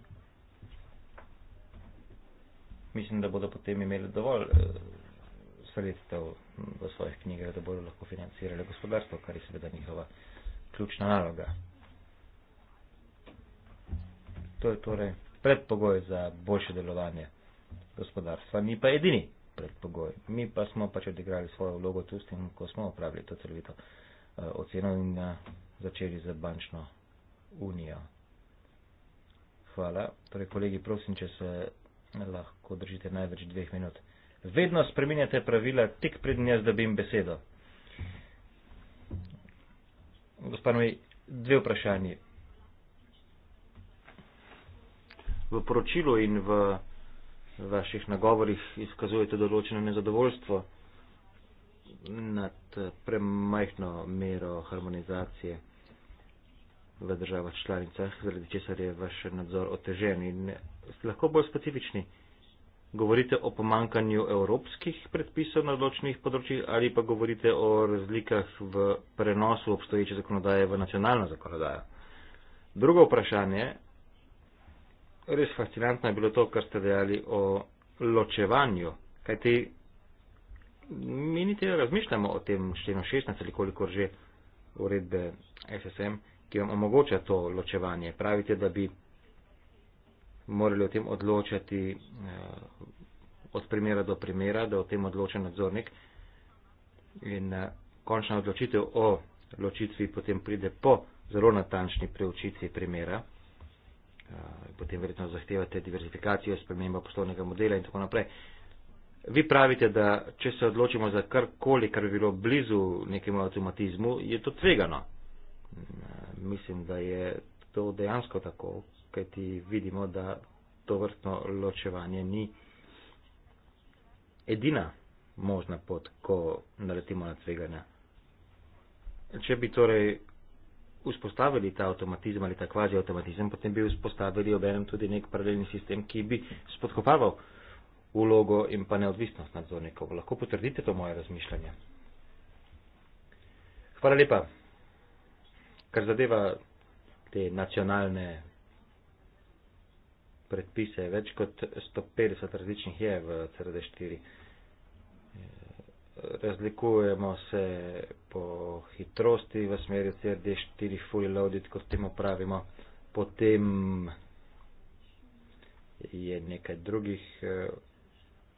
mislim, da bodo potem imeli dovolj eh, sredstev v svojih knjigah, da bodo lahko financirali gospodarstvo, kar je seveda njihova ključna naloga. To je torej predpogoj za boljše delovanje gospodarstva, ni pa edini predpogoj. Mi pa smo pač odigrali svojo vlogo tudi s tem, ko smo opravili to celovito eh, oceno in eh, začeli z bančno unijo. Hvala. Torej, kolegi, prosim, če se lahko držite največ dveh minut. Vedno spreminjate pravila tik pred njim, da bi jim besedo. Gospod Noj, dve vprašanje. V poročilu in v vaših nagovorih izkazujete določeno nezadovoljstvo nad premajhno mero harmonizacije v državah članicah, zaradi česar je vaš nadzor otežen in ste lahko bolj specifični? Govorite o pomankanju evropskih predpisov na odločnih področjih ali pa govorite o razlikah v prenosu obstoječe zakonodaje v nacionalno zakonodajo? Drugo vprašanje, res fascinantno je bilo to, kar ste dejali o ločevanju, kajti mi niti ne razmišljamo o tem členu 16 ali koliko že uredbe SSM, ki vam omogoča to ločevanje. Pravite, da bi morali o tem odločati eh, od primera do primera, da o tem odloča nadzornik. In eh, končna odločitev o ločitvi potem pride po zelo natančni preučitvi primera. Eh, potem verjetno zahtevate diverzifikacijo, spremembo poslovnega modela in tako naprej. Vi pravite, da če se odločimo za karkoli, kar bi bilo blizu nekemu avtomatizmu, je to tvegano. Mislim, da je to dejansko tako kajti vidimo, da to vrstno ločevanje ni edina možna pot, ko naletimo na tveganja. Če bi torej vzpostavili ta avtomatizem ali ta kvazi avtomatizem, potem bi vzpostavili obenem tudi nek paralelni sistem, ki bi spodkopaval vlogo in pa neodvisnost nadzornikov. Lahko potrdite to moje razmišljanje. Hvala lepa. Kar zadeva te nacionalne predpise. Več kot 150 različnih je v CRD4. Razlikujemo se po hitrosti v smeri CRD4, fully loaded, kot temu pravimo. Potem je nekaj drugih eh,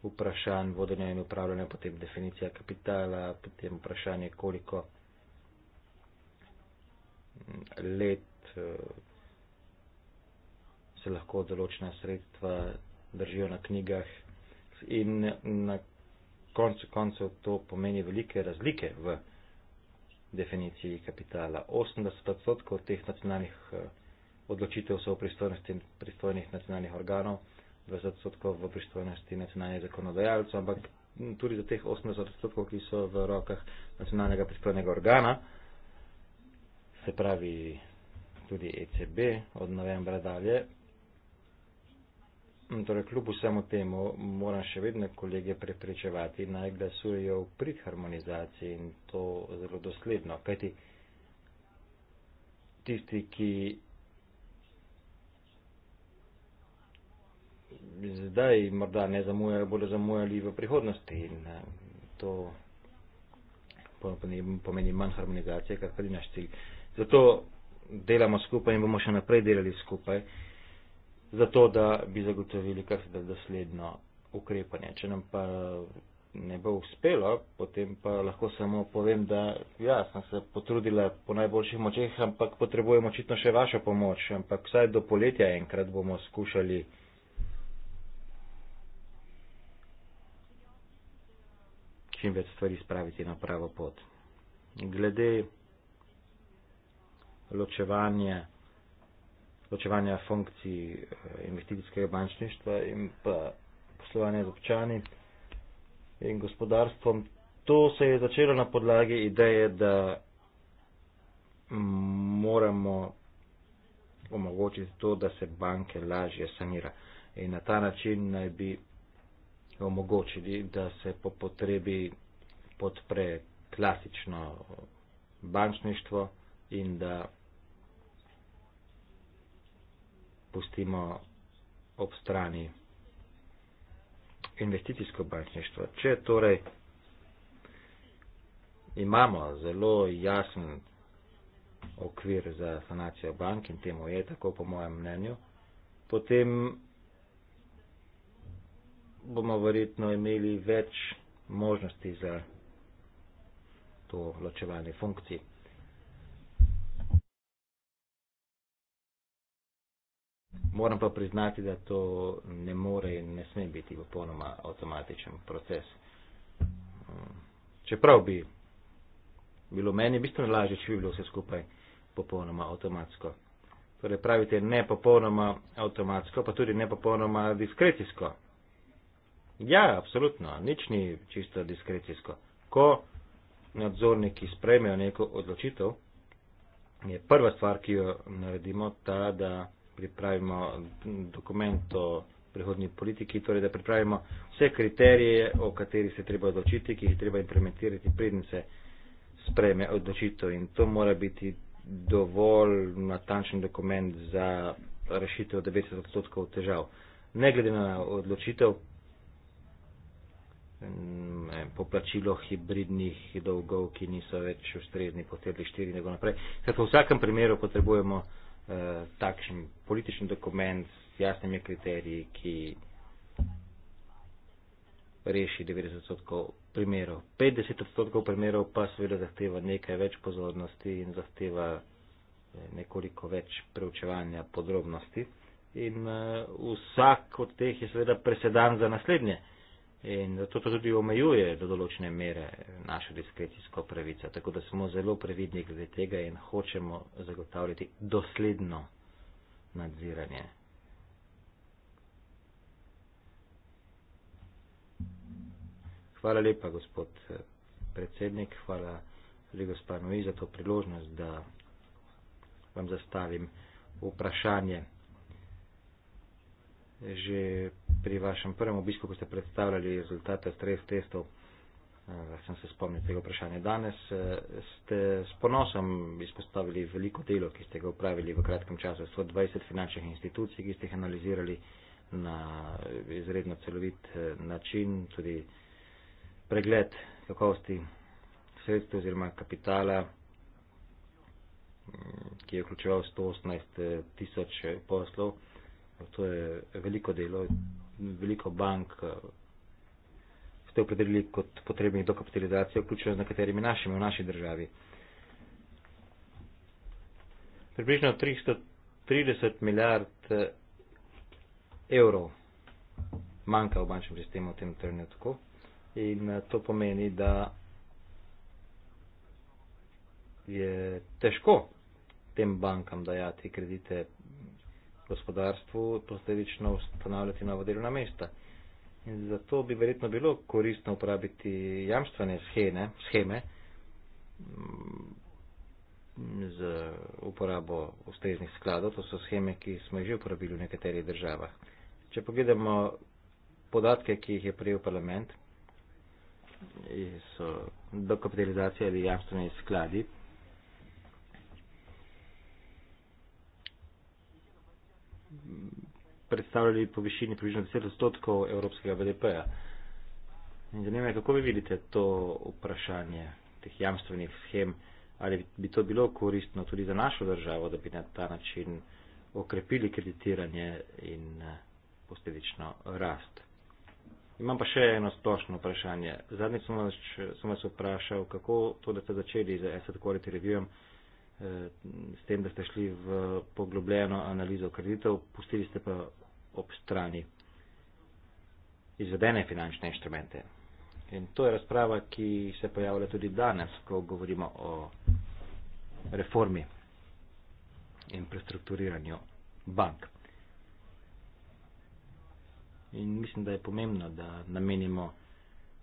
vprašanj vodenja in upravljanja, potem definicija kapitala, potem vprašanje, koliko let eh, se lahko določena sredstva držijo na knjigah in na koncu koncev to pomeni velike razlike v definiciji kapitala. 80 odstotkov teh nacionalnih eh, odločitev so v pristojnosti pristojnih nacionalnih organov, 20 odstotkov v pristojnosti nacionalnih zakonodajalcev, ampak tudi za teh 80 odstotkov, ki so v rokah nacionalnega pristojnega organa, se pravi tudi ECB od novembra dalje, Torej, kljub vsemu temu moram še vedno kolege preprečevati, naj glasujejo v prid harmonizaciji in to zelo dosledno. Kajti tisti, ki zdaj morda ne zamujajo, bodo zamujali v prihodnosti in eh, to pomeni manj harmonizacije, kar pri naš cilj. Zato delamo skupaj in bomo še naprej delali skupaj zato, da bi zagotovili kar se da dosledno ukrepanje. Če nam pa ne bo uspelo, potem pa lahko samo povem, da ja, sem se potrudila po najboljših močeh, ampak potrebujemo očitno še vašo pomoč, ampak vsaj do poletja enkrat bomo skušali. čim več stvari spraviti na pravo pot. Glede ločevanja ločevanja funkcij eh, investicijskega bančništva in pa poslovanja z občani in gospodarstvom. To se je začelo na podlagi ideje, da moramo omogočiti to, da se banke lažje sanira. In na ta način naj bi omogočili, da se po potrebi podpre klasično bančništvo in da pustimo ob strani investicijsko bančništvo. Če torej imamo zelo jasen okvir za sanacijo bank in temu je tako po mojem mnenju, potem bomo verjetno imeli več možnosti za to ločevanje funkcij. Moram pa priznati, da to ne more in ne sme biti popolnoma avtomatičen proces. Čeprav bi bilo meni bistveno lažje, če bi bilo vse skupaj popolnoma avtomatsko. Torej pravite ne popolnoma avtomatsko, pa tudi ne popolnoma diskrecijsko. Ja, absolutno, nič ni čisto diskrecijsko. Ko nadzorniki sprejmejo neko odločitev, je prva stvar, ki jo naredimo, ta, da pripravimo dokument o prihodni politiki, torej da pripravimo vse kriterije, o katerih se treba odločiti, ki jih treba implementirati, preden se spreme odločitev. In to mora biti dovolj natančen dokument za rešitev 90 odstotkov težav. Ne glede na odločitev, poplačilo hibridnih dolgov, ki niso več ustrezni, potrebni štiri in tako naprej. Ker v vsakem primeru potrebujemo Eh, takšen političen dokument s jasnimi kriteriji, ki reši 90% primerov. 50% primerov pa seveda zahteva nekaj več pozornosti in zahteva eh, nekoliko več preučevanja podrobnosti. In uh, vsak od teh je seveda presedan za naslednje. Uh, In zato to tudi omejuje do določene mere našo diskrecijsko pravico. Tako da smo zelo previdni glede tega in hočemo zagotavljati dosledno nadziranje. Hvala lepa, gospod eh, predsednik. Hvala tudi gospod Noji za to priložnost, da vam zastavim vprašanje. Že pri vašem prvem obisku, ko ste predstavljali rezultate stres testov, uh, sem se spomnil tega vprašanja. Danes uh, ste s ponosom izpostavili veliko delo, ki ste ga upravili v kratkem času. 120 finančnih institucij, ki ste jih analizirali na izredno celovit uh, način, tudi pregled kakovosti sredstev oziroma kapitala ki je vključeval 118 tisoč poslov. To je veliko delo, veliko bank eh, ste opredelili kot potrebni dokapitalizacijo, vključno z nekaterimi našimi v naši državi. Približno 330 milijard eh, evrov manjka v bančnem sistemu v tem trenutku in eh, to pomeni, da je težko tem bankam dajati kredite gospodarstvu posledično ustanavljati nova delovna mesta. In zato bi verjetno bilo koristno uporabiti jamstvene scheme, scheme mm, z uporabo ustreznih skladov. To so scheme, ki smo jih že uporabili v nekaterih državah. Če pogledamo podatke, ki jih je prijel parlament, so dokapitalizacija ali jamstvene skladi. predstavljali po višini približno 10 odstotkov evropskega BDP-ja. In zanima me, kako vi vidite to vprašanje teh jamstvenih schem, ali bi to bilo koristno tudi za našo državo, da bi na ta način okrepili kreditiranje in eh, posledično rast. Imam pa še eno splošno vprašanje. Zadnjič sem, sem vas vprašal, kako to, da ste začeli z asset quality reviewom, s tem, da ste šli v poglobljeno analizo kreditov, pustili ste pa ob strani izvedene finančne inštrumente. In to je razprava, ki se pojavlja tudi danes, ko govorimo o reformi in prestrukturiranju bank. In mislim, da je pomembno, da namenimo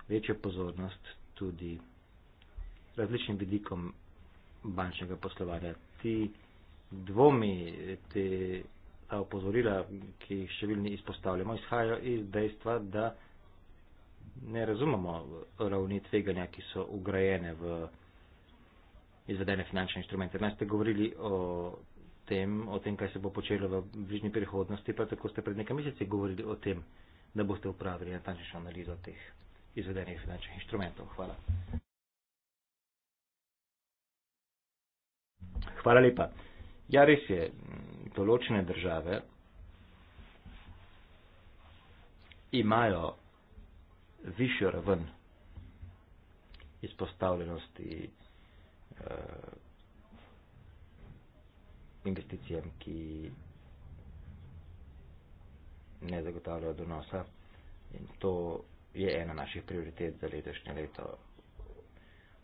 večjo pozornost tudi različnim vidikom bančnega poslovanja. Ti dvomi, te, ta opozorila, ki jih številni izpostavljamo, izhajajo iz dejstva, da ne razumemo ravni tveganja, ki so ugrajene v izvedene finančne inštrumente. Naj ste govorili o tem, o tem, kaj se bo počelo v bližnji prihodnosti, pa tako ste pred nekaj meseci govorili o tem, da boste upravili natančnejšo analizo teh izvedenih finančnih inštrumentov. Hvala. Hvala lepa. Ja, res je, določene države imajo višjo raven izpostavljenosti eh, investicijam, ki ne zagotavljajo donosa. In to je ena naših prioritet za letošnje leto.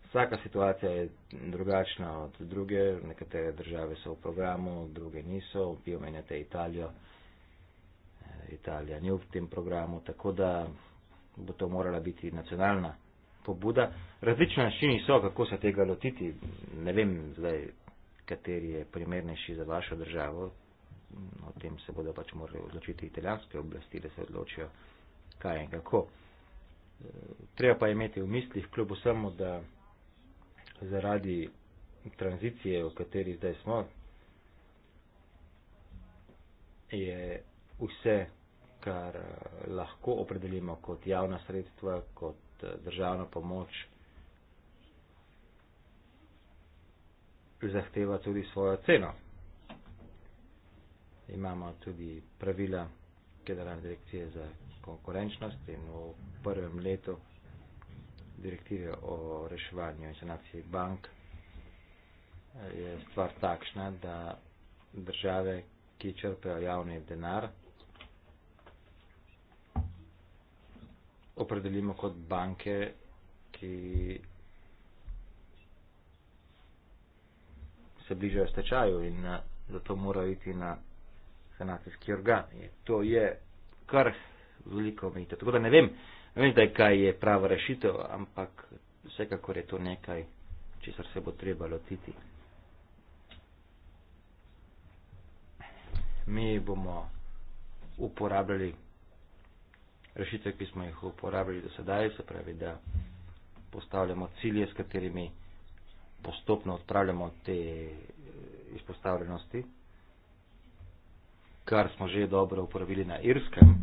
Vsaka situacija je drugačna od druge, nekatere države so v programu, druge niso, vi omenjate Italijo, Italija ni v tem programu, tako da bo to morala biti nacionalna pobuda. Različni načini so, kako se tega lotiti, ne vem zdaj, kateri je primernejši za vašo državo, o tem se bodo pač morali odločiti italijanske oblasti, da se odločijo kaj in kako. Treba pa imeti v mislih, kljub vsemu, da zaradi tranzicije, v kateri zdaj smo, je vse, kar eh, lahko opredelimo kot javna sredstva, kot eh, državna pomoč, zahteva tudi svojo ceno. Imamo tudi pravila generalne direkcije za konkurenčnost in v prvem letu direktive o reševanju in sanaciji bank je stvar takšna, da države, ki črpajo javni denar, opredelimo kot banke, ki se bližajo stečaju in eh, zato morajo iti na sanacijski organ. To je kar veliko omejitev. Tako da ne vem, Ne vem zdaj, kaj je prava rešitev, ampak vsekakor je to nekaj, česar se bo treba lotiti. Mi bomo uporabljali rešitve, ki smo jih uporabljali do sedaj, se pravi, da postavljamo cilje, s katerimi postopno odpravljamo te eh, izpostavljenosti, kar smo že dobro uporabili na irskem.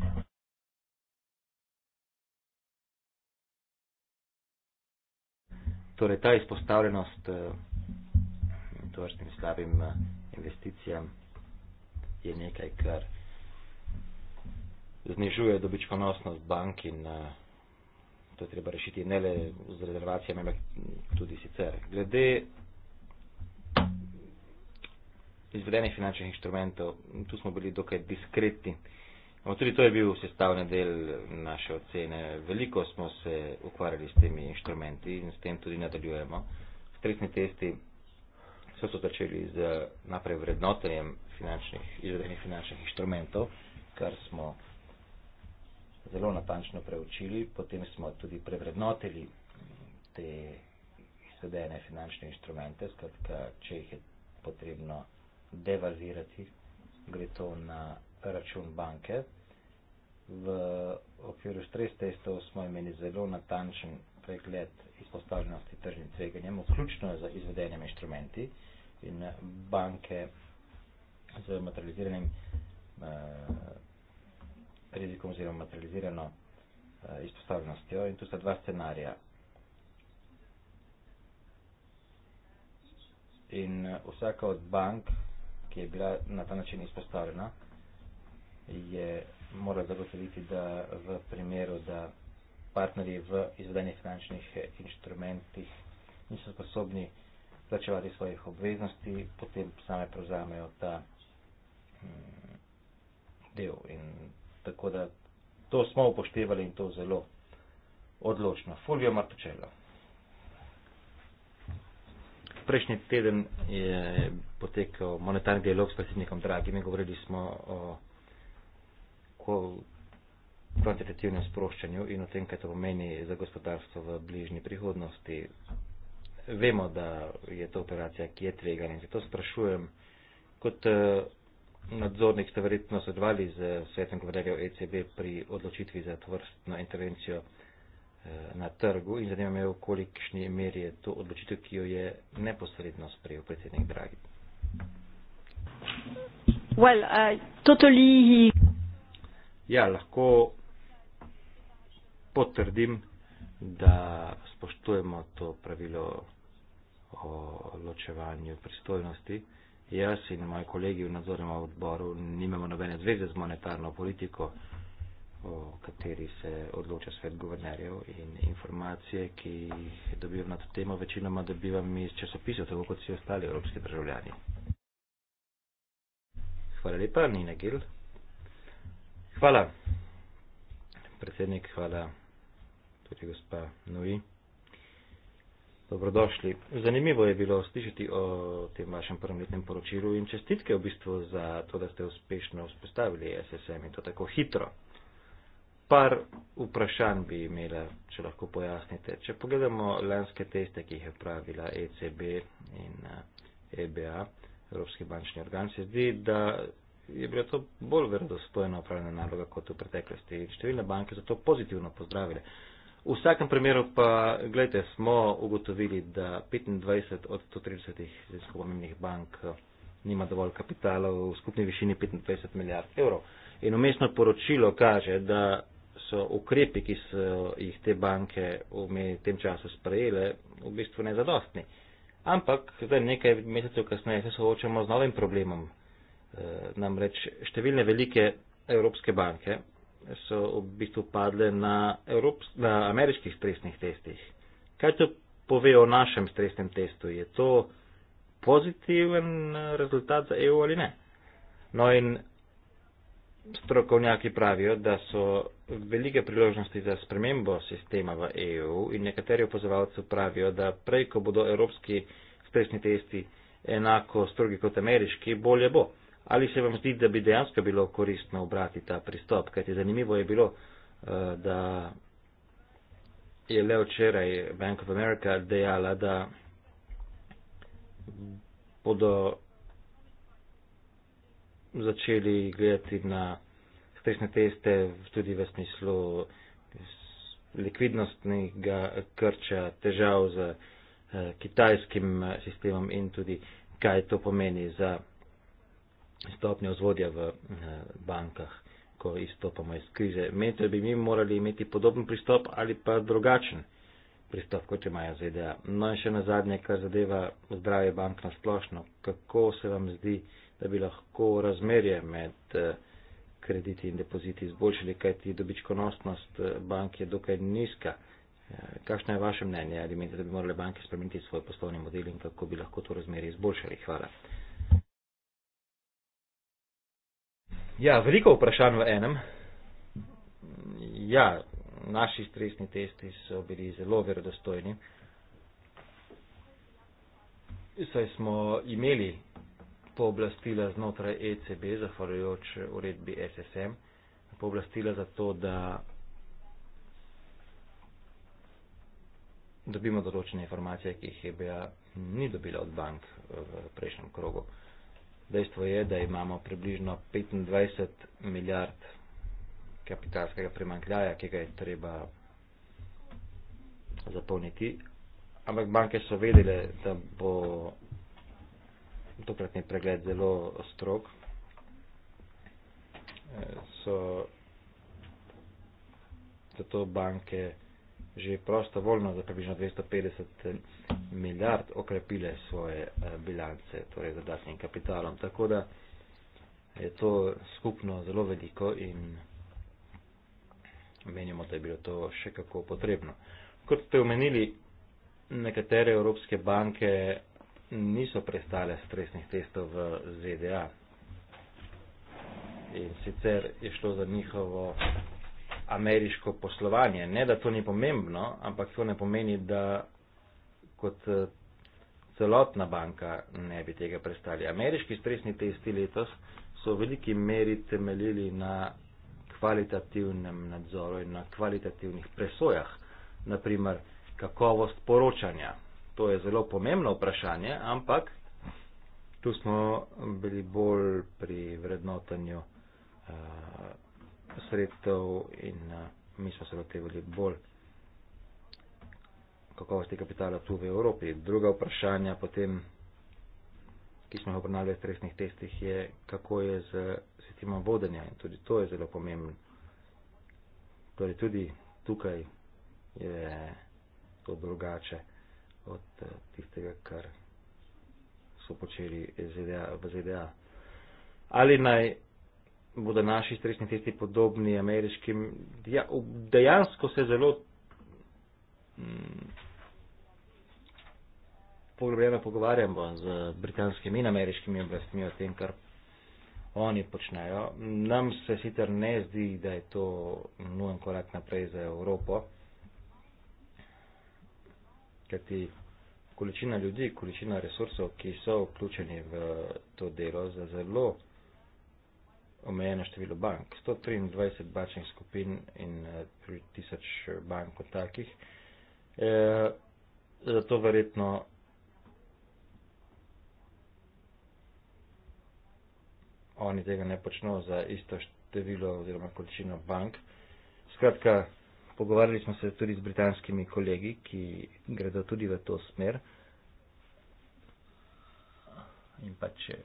Torej, ta izpostavljenost in eh, tovrstnim slabim eh, investicijam je nekaj, kar znižuje dobičkonosnost bank in eh, to je treba rešiti ne le z rezervacijami, ampak tudi sicer. Glede izvedenih finančnih inštrumentov, tu smo bili dokaj diskretni. No, tudi to je bil sestavni del naše ocene. Veliko smo se ukvarjali s temi inštrumenti in s tem tudi nadaljujemo. Stresni testi so se začeli z naprej vrednotenjem finančnih, izvedenih finančnih inštrumentov, kar smo zelo natančno preučili. Potem smo tudi prevrednotili te izvedene finančne inštrumente, skratka, če jih je potrebno devalvirati, gre to na račun banke, V okviru stres testov smo imeli zelo natančen pregled izpostavljenosti tržnim tveganjem, vključno z izvedenimi inštrumenti in eh, banke z materializiranim eh, rizikom oziroma materializirano eh, izpostavljenostjo. In tu sta dva scenarija. In eh, vsaka od bank, ki je bila na ta način izpostavljena, je mora zagotoviti, da v primeru, da partnerji v izvedenih finančnih inštrumentih niso sposobni plačevati svojih obveznosti, potem same prevzamejo ta mm, del. In tako da to smo upoštevali in to zelo odločno. Fulvio Martočelo. Prejšnji teden je potekal monetarni dialog s predsednikom Dragim in govorili smo o o kvantitativnem sproščanju in o tem, kaj to pomeni za gospodarstvo v bližnji prihodnosti. Vemo, da je to operacija, ki je tvegana in zato sprašujem, kot eh, nadzornik ste verjetno sodelovali z svetom govorjev ECB pri odločitvi za tovrstno intervencijo eh, na trgu in zanima me, v kolikšni meri je to odločitev, ki jo je neposredno sprejel predsednik Dragi. Well, uh, totally... Ja, lahko potrdim, da spoštujemo to pravilo o ločevanju pristojnosti. Jaz in moji kolegi v nadzornem odboru nimamo nobene zveze z monetarno politiko, o kateri se odloča svet guvernerjev in informacije, ki jih dobivam na to temo, večinoma dobivam iz časopisov, tako kot vsi ostali evropski državljani. Hvala lepa, Nina Gil. Hvala, predsednik, hvala tudi gospa Novi. Dobrodošli. Zanimivo je bilo slišati o tem vašem prvem letnem poročilu in čestitke v bistvu za to, da ste uspešno vzpostavili SSM in to tako hitro. Par vprašanj bi imela, če lahko pojasnite. Če pogledamo lanske teste, ki jih je pravila ECB in EBA, eh, e Evropski bančni organ, se zdi, da je bila to bolj verodostojno upravljena naloga kot v preteklosti in številne banke so to pozitivno pozdravile. V vsakem primeru pa, gledajte, smo ugotovili, da 25 od 130 zelo pomembnih bank eh, nima dovolj kapitala v skupni višini 25 milijard evrov. In umestno poročilo kaže, da so ukrepi, ki so jih te banke v tem času sprejele, v bistvu nezadostni. Ampak zdaj nekaj mesecev kasneje se soočamo z novim problemom Eh, namreč številne velike evropske banke so v bistvu padle na, evrops, na ameriških stresnih testih. Kaj to pove o našem stresnem testu? Je to pozitiven eh, rezultat za EU ali ne? No in strokovnjaki pravijo, da so velike priložnosti za spremembo sistema v EU in nekateri opozovalci pravijo, da prej, ko bodo evropski stresni testi enako strogi kot ameriški, bolje bo. Ali se vam zdi, da bi dejansko bilo koristno obrati ta pristop? Kajti zanimivo je bilo, eh, da je le včeraj Bank of America dejala, da bodo začeli gledati na stresne teste tudi v smislu likvidnostnega krča, težav z eh, kitajskim eh, sistemom in tudi kaj to pomeni za stopnje vzvodja v eh, bankah, ko izstopamo iz krize. Menite, da bi mi morali imeti podoben pristop ali pa drugačen pristop, kot imajo ZDA. No in še na zadnje, kar zadeva zdravje bank na splošno. Kako se vam zdi, da bi lahko razmerje med eh, krediti in depoziti izboljšali, kajti dobičkonosnost eh, bank je dokaj nizka. Kakšno je vaše mnenje, ali menite, da bi morali banke spremeniti svoj poslovni model in kako bi lahko to razmerje izboljšali? Hvala. Ja, veliko vprašanj v enem. Ja, naši stresni testi so bili zelo verodostojni. Saj smo imeli pooblastila znotraj ECB, zahvaljujoč uredbi SSM, pooblastila za to, da dobimo določene informacije, ki jih EBA ni dobila od bank v prejšnjem krogu. Dejstvo je, da imamo približno 25 milijard kapitalskega primankljaja, ki ga je treba zapolniti. Ampak banke so vedele, da bo tokratni pregled zelo strok. Eh, so zato banke že prostovoljno za približno 250 eh, milijard okrepile svoje eh, bilance, torej z dodatnim kapitalom. Tako da je to skupno zelo veliko in menimo, da je bilo to še kako potrebno. Kot ste omenili, nekatere evropske banke niso prestale stresnih testov v ZDA. In sicer je šlo za njihovo ameriško poslovanje. Ne, da to ni pomembno, ampak to ne pomeni, da kot eh, celotna banka ne bi tega prestali. Ameriški stresni testi letos so v veliki meri temeljili na kvalitativnem nadzoru in na kvalitativnih presojah, naprimer kakovost poročanja. To je zelo pomembno vprašanje, ampak tu smo bili bolj pri vrednotanju eh, sredstev in uh, mi smo se lotevali bolj kakovosti kapitala tu v Evropi. Druga vprašanja potem, ki smo jih obrnali v stresnih testih, je kako je z sistemom vodenja in tudi to je zelo pomembno. Torej tudi tukaj je to drugače od eh, tistega, kar so počeli v ZDA. Ali naj bodo naši stresni testi podobni ameriškim. Ja, dejansko se zelo mm, poglobljeno pogovarjamo z britanskimi in ameriškimi oblastmi o tem, kar oni počnejo. Nam se sicer ne zdi, da je to nujen korak naprej za Evropo, kajti količina ljudi, količina resursov, ki so vključeni v to delo, za zelo omejeno število bank. 123 bančnih skupin in pri eh, tisoč bank kot takih. E, zato verjetno oni tega ne počnejo za isto število oziroma količino bank. Skratka, pogovarjali smo se tudi z britanskimi kolegi, ki gredo tudi v to smer. In pa če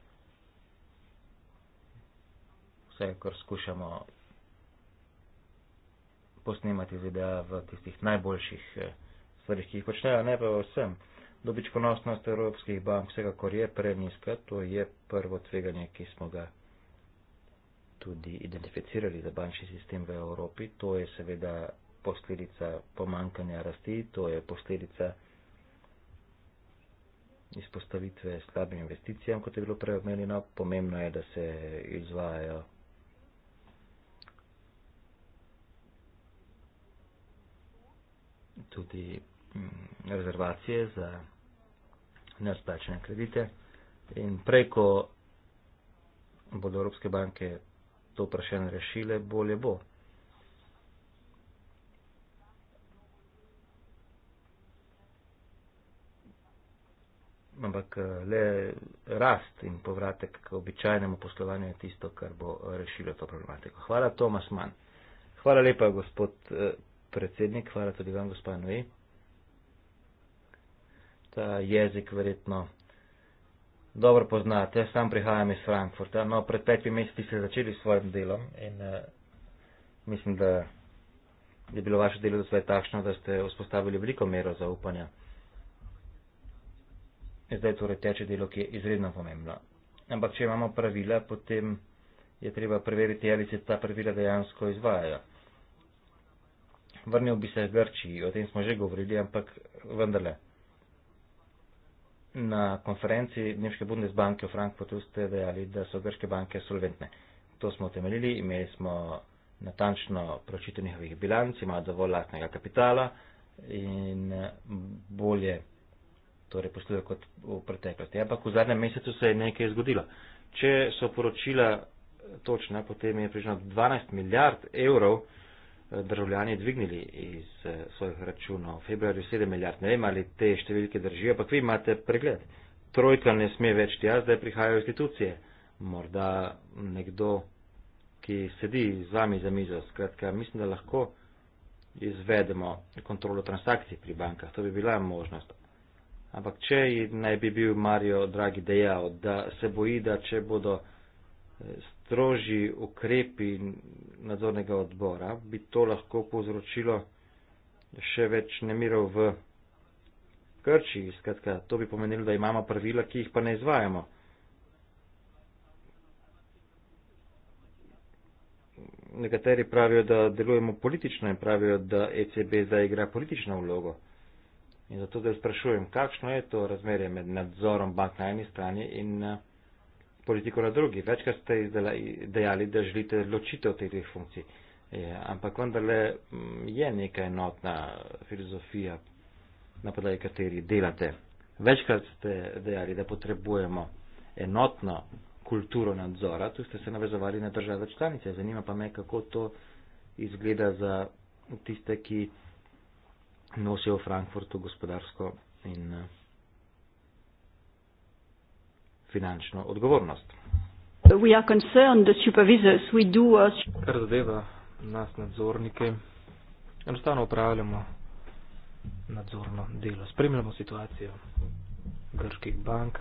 vse, kar skušamo posnemati video v tistih najboljših eh, stvarih, ki jih počnejo, ne pa vsem. Dobičkonosnost evropskih bank vsekakor je preniska, to je prvo tveganje, ki smo ga tudi identificirali za bančni sistem v Evropi. To je seveda posledica pomankanja rasti, to je posledica izpostavitve slabim investicijam, kot je bilo prej omenjeno. Pomembno je, da se izvajajo tudi mm, rezervacije za neodplačene kredite. In preko bodo Evropske banke to vprašanje rešile, bolje bo. Ampak le rast in povratek k običajnemu poslovanju je tisto, kar bo rešilo to problematiko. Hvala, Tomas Mann. Hvala lepa, gospod eh, predsednik, hvala tudi vam, gospod Noe. Ta jezik verjetno dobro poznate, jaz sam prihajam iz Frankfurta, no pred petimi meseci ste začeli s svojim delom in uh, mislim, da je bilo vaše delo do zdaj takšno, da ste vzpostavili veliko mero zaupanja. Zdaj torej teče delo, ki je izredno pomembno. Ampak, če imamo pravila, potem je treba preveriti, ali se ta pravila dejansko izvajajo vrnil bi se Grčiji, o tem smo že govorili, ampak vendarle. Na konferenci Nemške Bundesbanke v Frankfurtu ste dejali, da so grške banke solventne. To smo temeljili, imeli smo natančno pročitev njihovih bilanc, imajo dovolj lastnega kapitala in bolje torej posluje kot v preteklosti. Ampak v zadnjem mesecu se je nekaj zgodilo. Če so poročila točna, potem je prišlo 12 milijard evrov državljani dvignili iz eh, svojih računov. V februarju 7 milijard, ne vem ali te številke držijo, ampak vi imate pregled. Trojka ne sme več tja, zdaj prihajajo institucije. Morda nekdo, ki sedi z vami za mizo. Skratka, mislim, da lahko izvedemo kontrolo transakcij pri bankah. To bi bila možnost. Ampak če naj bi bil Mario Dragi dejal, da se boji, da če bodo eh, strožji ukrepi nadzornega odbora, bi to lahko povzročilo še več nemirov v Grčiji. Skratka, to bi pomenilo, da imamo pravila, ki jih pa ne izvajamo. Nekateri pravijo, da delujemo politično in pravijo, da ECB zdaj igra politično vlogo. In zato zdaj sprašujem, kakšno je to razmerje med nadzorom bank na eni strani in uh, politiko na drugi. Večkrat ste dejali, da želite ločitev teh dveh funkcij. Je, ampak vendarle mm, je neka enotna filozofija, na podlagi kateri delate. Večkrat ste dejali, da potrebujemo enotno kulturo nadzora, tu ste se navezovali na države članice. Zanima pa me, kako to izgleda za tiste, ki nosijo v Frankfurtu gospodarsko in. Uh, finančno odgovornost. Uh, Kar zadeva nas nadzornike, enostavno upravljamo nadzorno delo. Spremljamo situacijo grških bank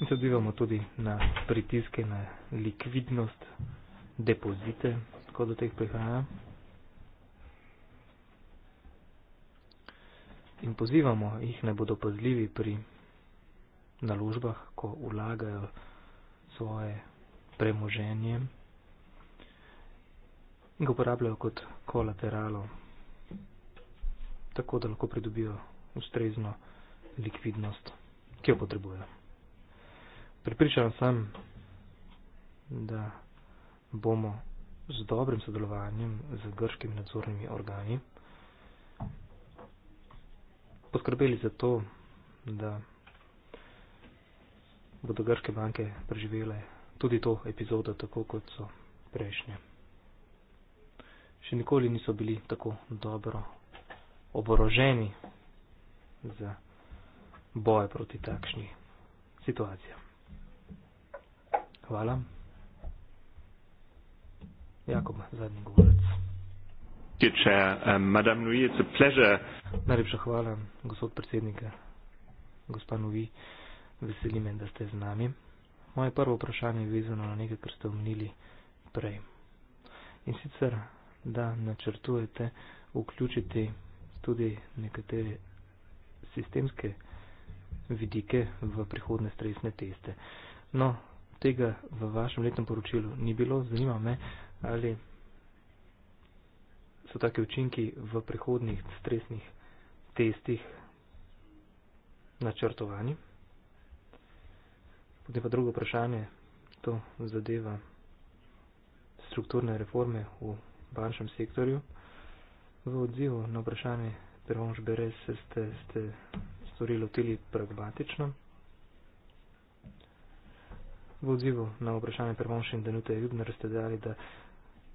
in se odzivamo tudi na pritiske na likvidnost depozite, kot do teh prihajajo. in pozivamo jih ne bodo pazljivi pri naložbah, ko vlagajo svoje premoženje in ga uporabljajo kot kolateralo, tako da lahko pridobijo ustrezno likvidnost, ki jo potrebujejo. Pripričan sem, da bomo z dobrim sodelovanjem z grškimi nadzornimi organi poskrbeli za to, da bodo grške banke preživele tudi to epizodo, tako kot so prejšnje. Še nikoli niso bili tako dobro oboroženi za boje proti takšni situaciji. Hvala. Jakob, zadnji govorec. Um, Najlepša um, hvala, gospod predsednik. Gospa Novi, veseli me, da ste z nami. Moje prvo vprašanje je vezano na nekaj, kar ste omenili prej. In sicer, da načrtujete vključiti tudi nekatere sistemske vidike v prihodne stresne teste. No, tega v vašem letnem poročilu ni bilo, zanima me, ali so take učinki v prihodnih stresnih testih načrtovani. Potem pa drugo vprašanje, to zadeva strukturne reforme v bančnem sektorju. V odzivu na vprašanje Pervonš Berez se ste, ste stvari lotili pragmatično. V odzivu na vprašanje Pervonš in Danute Jubner ste dali, da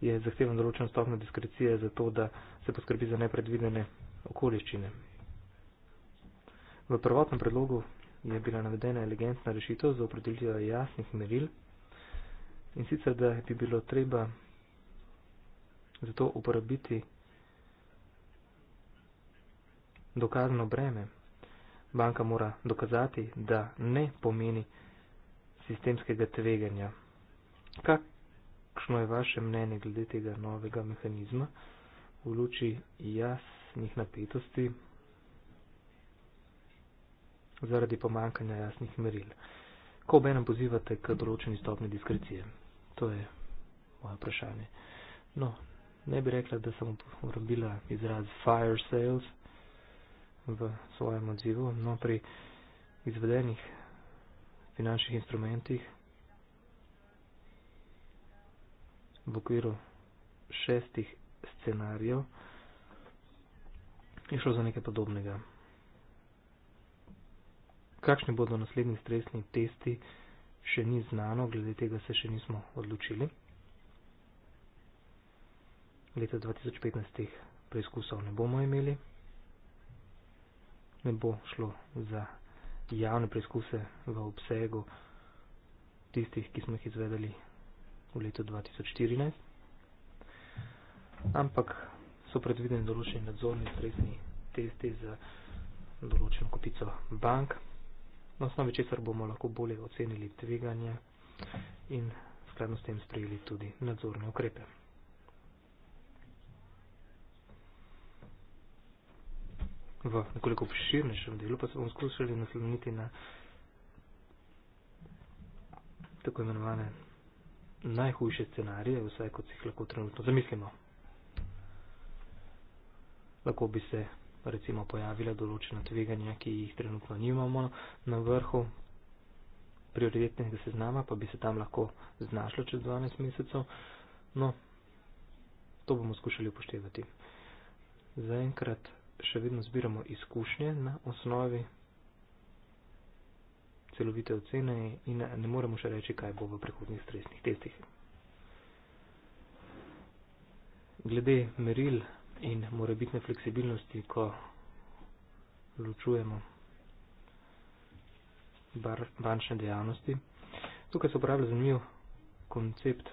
je zahteven določen stopno diskrecije za to, da se poskrbi za nepredvidene okoliščine. V prvotnem predlogu je bila navedena elegantna rešitev za opredelitev jasnih meril in sicer, da bi bilo treba za to uporabiti dokazano breme. Banka mora dokazati, da ne pomeni sistemskega tveganja. Kakšno je vaše mnenje glede tega novega mehanizma v luči jasnih napetosti zaradi pomankanja jasnih meril? Ko obenem pozivate k določeni stopni diskrecije? To je moje vprašanje. No, ne bi rekla, da sem uporabila izraz fire sales v svojem odzivu, no pri izvedenih finančnih instrumentih v okviru šestih scenarijev je šlo za nekaj podobnega. Kakšni bodo naslednji stresni testi, še ni znano, glede tega se še nismo odločili. Leta 2015 teh preizkusov ne bomo imeli. Ne bo šlo za javne preizkuse v obsegu tistih, ki smo jih izvedeli v letu 2014. Ampak so predvideni določeni nadzorni stresni testi za določeno kopico bank, na osnovi česar bomo lahko bolje ocenili tveganje in skladno s tem sprejeli tudi nadzorne ukrepe. V nekoliko širnejšem delu pa se bomo skušali nasloniti na tako imenovane najhujše scenarije, vsaj kot si jih lahko trenutno zamislimo. Lahko bi se recimo pojavila določena tveganja, ki jih trenutno nimamo na vrhu prioritetnega seznama, pa bi se tam lahko znašlo čez 12 mesecev. No, to bomo skušali upoštevati. Zaenkrat še vedno zbiramo izkušnje na osnovi celovite ocene in ne moremo še reči, kaj bo v prihodnih stresnih testih. Glede meril in morebitne fleksibilnosti, ko ločujemo bar, bančne dejavnosti, tukaj se uporablja zanimiv koncept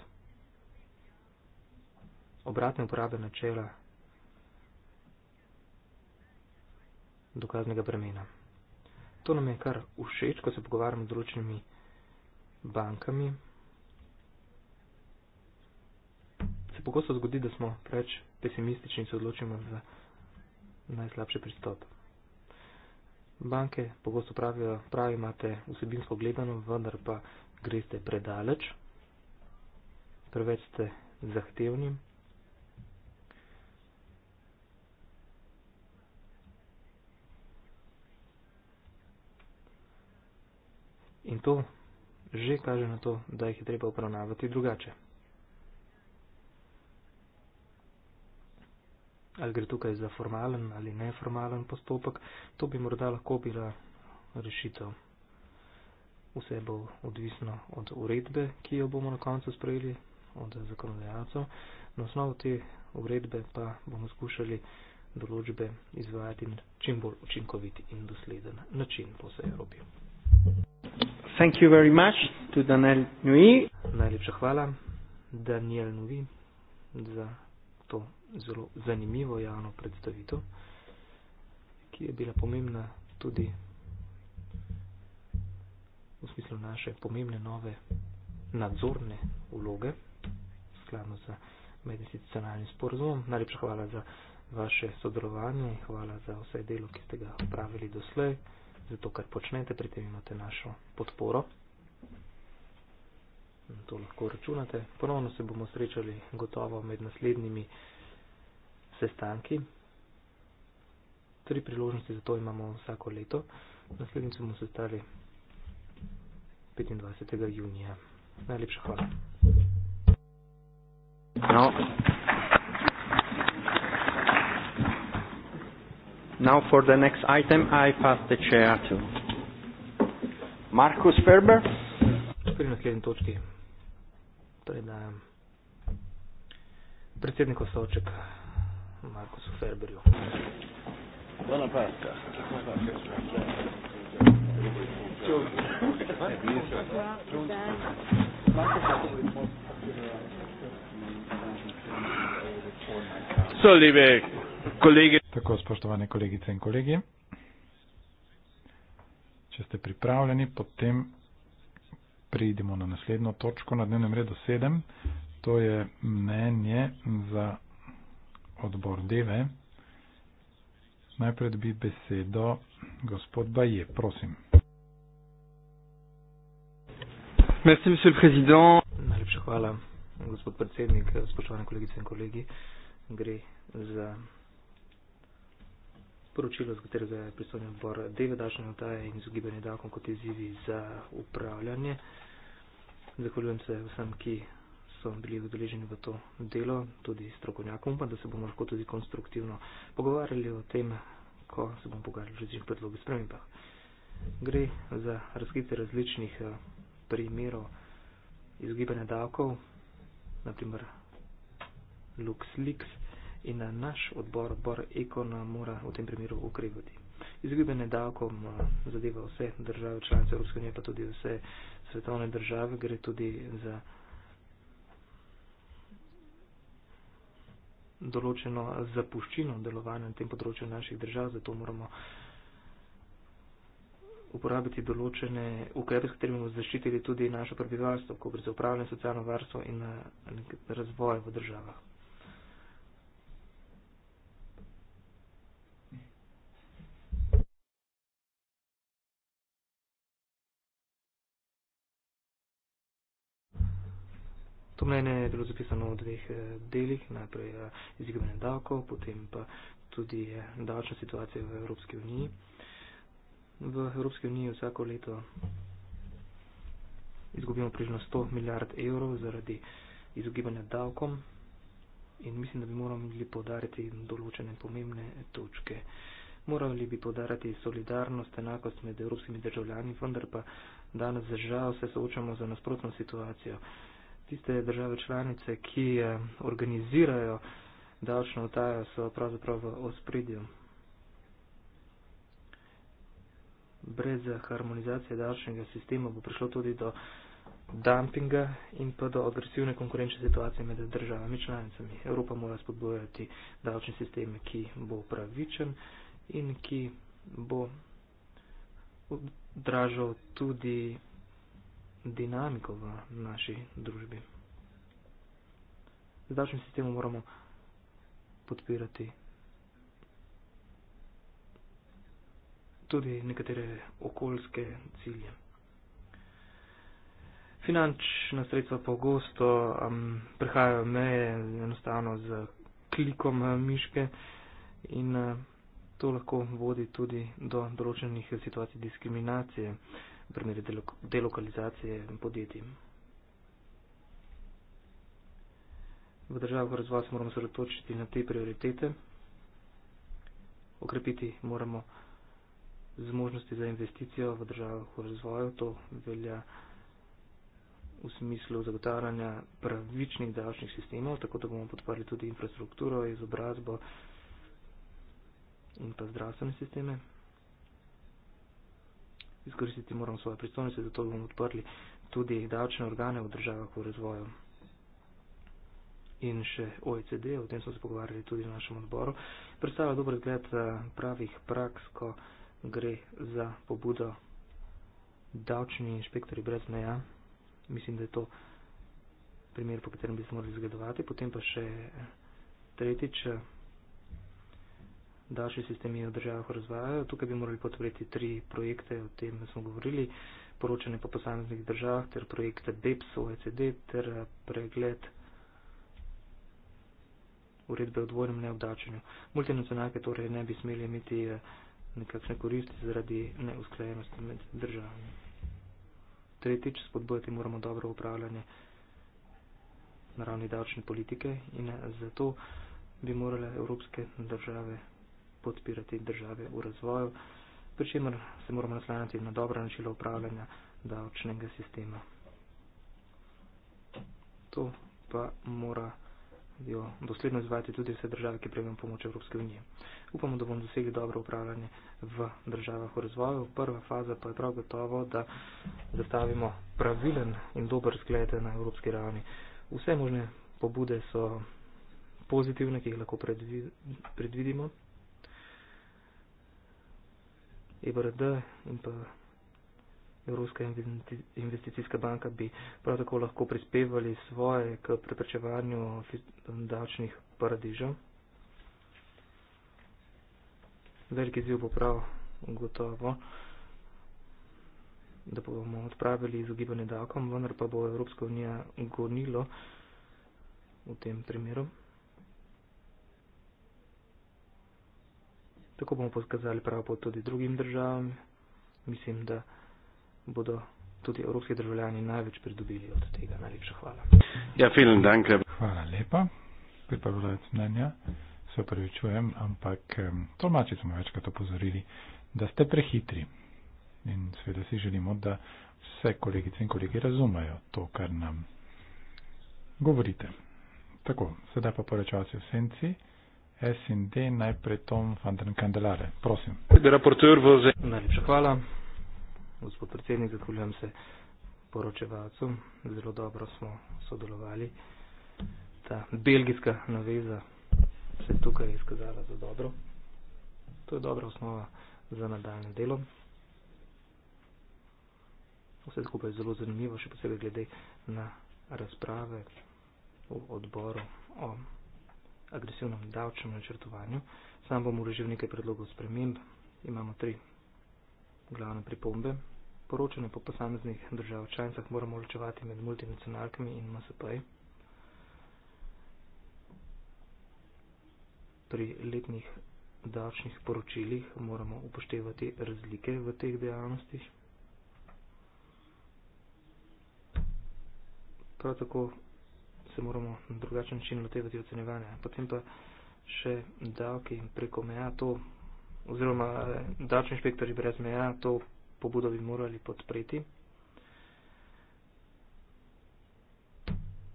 obratne uporabe načela dokaznega bremena to nam je kar všeč, ko se pogovarjamo z določenimi bankami. Se pogosto zgodi, da smo preveč pesimistični in se odločimo za najslabši pristop. Banke pogosto pravijo, pravi imate vsebinsko gledano, vendar pa greste predaleč, preveč ste zahtevni. in to že kaže na to, da jih je treba upravnavati drugače. Ali gre tukaj za formalen ali neformalen postopek, to bi morda lahko bila rešitev. Vse bo odvisno od uredbe, ki jo bomo na koncu sprejeli, od zakonodajalcev. Na osnovu te uredbe pa bomo skušali določbe izvajati na čim bolj učinkovit in dosleden način po vsej Evropi. Thank you very much to Daniel Nui. Najlepša hvala Daniel Nui za to zelo zanimivo javno predstavitev, ki je bila pomembna tudi v smislu naše pomembne nove nadzorne vloge skladno z medinstitucionalnim sporozumom. Najlepša hvala za vaše sodelovanje in hvala za vse delo, ki ste ga opravili doslej za to, kar počnete, pri tem imate našo podporo. Na to lahko računate. Ponovno se bomo srečali gotovo med naslednjimi sestanki. Tri priložnosti za to imamo vsako leto. Naslednjič bomo se stali 25. junija. Najlepša hvala. No. Now for the next item, I pass the chair to Markus Ferber. Pri naslednji točki, torej dajem predsedniku Soček Markusu Ferberju. So, liebe kolege. Tako, spoštovane kolegice in kolegi, če ste pripravljeni, potem pridimo na naslednjo točko na dnevnem redu 7. To je mnenje za odbor Deve. Najprej bi besedo gospod Baje, prosim. Merci, monsieur le président. Najlepša hvala, gospod predsednik, spoštovane kolegice in kolegi. Gre za poročilo, z katerega je pristojni odbor deve dašnje notaje in izogibanje davkom kot izzivi za upravljanje. Zahvaljujem se vsem, ki so bili udeleženi v to delo, tudi strokovnjakom, upam, da se bomo lahko tudi konstruktivno pogovarjali o tem, ko se bomo pogovarjali že z njim predlogi spremembah. Gre za razkritje različnih eh, primerov izogibanja davkov, naprimer LuxLeaks, in naš odbor, odbor ekona, mora v tem primeru ukrivati. Izgubljene davkom eh, zadeva vse države članice Evropske unije, pa tudi vse svetovne države, gre tudi za določeno zapuščino delovanja na tem področju naših držav, zato moramo uporabiti določene ukrepe, s katerimi bomo zaščitili tudi naše prebivalstvo, ko gre za upravljanje socialno varstvo in eh, razvoj v državah. To mnenje je bilo zapisano v dveh eh, delih, najprej eh, izigovanje davkov, potem pa tudi eh, davčna situacija v Evropski uniji. V Evropski uniji vsako leto izgubimo približno 100 milijard evrov zaradi izogibanja davkom in mislim, da bi morali podariti določene pomembne točke. Morali bi podarati solidarnost, enakost med evropskimi državljani, vendar pa danes žal se soočamo za nasprotno situacijo tiste države članice, ki eh, organizirajo davčno utajo, so pravzaprav v ospredju. Brez harmonizacije davčnega sistema bo prišlo tudi do dumpinga in pa do agresivne konkurenčne situacije med državami članicami. Evropa mora spodbojati davčni sistem, ki bo pravičen in ki bo odražal tudi dinamiko v naši družbi. Z davčnim sistemom moramo podpirati tudi nekatere okoljske cilje. Finančna sredstva pogosto um, prehajajo meje enostavno z klikom uh, miške in uh, to lahko vodi tudi do določenih situacij diskriminacije. Uh, v primeru delokalizacije podjetij. V državah razvoja se moramo sredotočiti na te prioritete. Okrepiti moramo zmožnosti za investicijo v državah razvoja. To velja v smislu zagotavljanja pravičnih davčnih sistemov, tako da bomo podparili tudi infrastrukturo, izobrazbo in pa zdravstvene sisteme izkoristiti moram svoje pristojnosti, zato bomo odprli tudi davčne organe v državah v razvoju. In še OECD, o tem smo se pogovarjali tudi na našem odboru, predstavlja dober zgled eh, pravih praks, ko gre za pobudo davčni inšpektori brez meja. Mislim, da je to primer, po katerem bi se morali zgledovati. Potem pa še eh, tretjič. Eh, daljši sistemi v državah razvajajo. Tukaj bi morali potvoriti tri projekte, o tem smo govorili, poročanje po posameznih državah ter projekte BEPS, OECD ter eh, pregled uredbe o dvojnem neobdačenju. Multinacionalke torej ne bi smeli imeti eh, nekakšne koristi zaradi neusklajenosti med državami. Tretjič, spodbojati moramo dobro upravljanje naravne davčne politike in eh, zato bi morale evropske države podpirati države v razvoju, pri čemer se moramo naslanjati na dobra načela upravljanja davčnega sistema. To pa mora jo dosledno izvajati tudi vse države, ki prejemajo pomoč Evropske unije. Upamo, da bomo dosegli dobro upravljanje v državah v razvoju. Prva faza pa je prav gotovo, da zastavimo pravilen in dober zgled na evropski ravni. Vse možne pobude so pozitivne, ki jih lahko predvidimo. EBRD in pa Evropska investicijska banka bi prav tako lahko prispevali svoje k preprečevanju davčnih paradižev. Veliki ziv bo prav gotovo, da bomo odpravili izogibanje davkom, vendar pa bo Evropska unija gonilo v tem primeru. Tako bomo pokazali pravo pot tudi drugim državam. Mislim, da bodo tudi evropski državljani največ pridobili od tega. Najlepša hvala. Ja, film, danke. Hvala lepa. Pripravljajte mnenja. Se opravičujem, ampak tolmači smo večkrat opozorili, da ste prehitri. In seveda si želimo, da vse kolegice in kolegi razumejo to, kar nam govorite. Tako, sedaj pa poračavci v senci. SND, najprej Tom van den Kandelare. Prosim. Najlepša hvala, gospod predsednik, zahvaljujem se poročevalcu. Zelo dobro smo sodelovali. Ta belgijska naveza se je tukaj izkazala za dobro. To je dobra osnova za nadaljne delo. Vse skupaj je zelo zanimivo, še posebej glede na razprave v odboru o agresivnem davčnem načrtovanju. Sam bom uložil nekaj predlogov sprememb. Imamo tri glavne pripombe. Poročanje po posameznih držav članicah moramo ločevati med multinacionalkami in MSP. Pri letnih davčnih poročilih moramo upoštevati razlike v teh dejavnostih. Prav tako se moramo na drugačen način lotevati ocenjevanja. Potem pa še davki preko meja, to, oziroma eh, davčni inšpektori brez meja, to pobudo bi morali podpreti.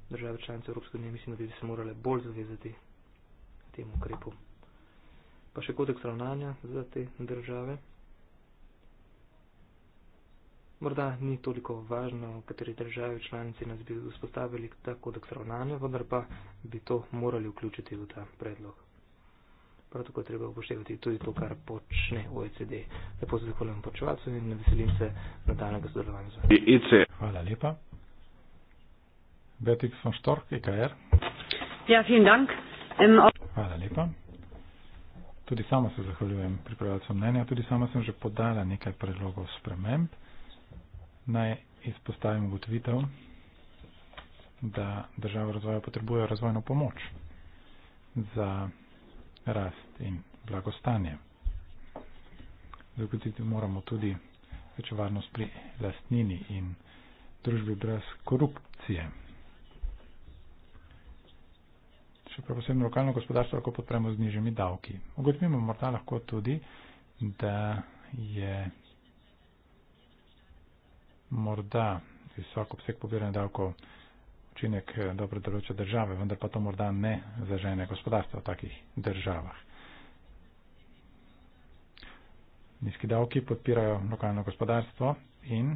Države članice Evropske unije mislim, da bi se morale bolj zavezati temu ukrepu. Pa še kodeks ravnanja za te države. Morda ni toliko važno, v kateri državi članici nas bi vzpostavili ta kodeks ravnanja, vendar pa bi to morali vključiti v ta predlog. Prav tako je treba upoštevati tudi to, kar počne OECD. Lepo se zahvaljujem počevalcu in veselim se nadaljnega sodelovanja z vami. Hvala lepa. Betik von Stork, e EKR. Ja, vielen Dank. Um, Hvala lepa. Tudi sama se zahvaljujem pripravljalcu mnenja, tudi sama sem že podala nekaj predlogov sprememb naj izpostavim ugotovitev, da država razvoja potrebuje razvojno pomoč za rast in blagostanje. Zagotoviti moramo tudi večjo varnost pri lastnini in družbi brez korupcije. Še prav posebno lokalno gospodarstvo lahko podpremo z nižjimi davki. Ugotovimo morda lahko tudi, da je morda visok obseg pobiranja davkov učinek eh, dobro določa države, vendar pa to morda ne zažene gospodarstva v takih državah. Nizki davki podpirajo lokalno gospodarstvo in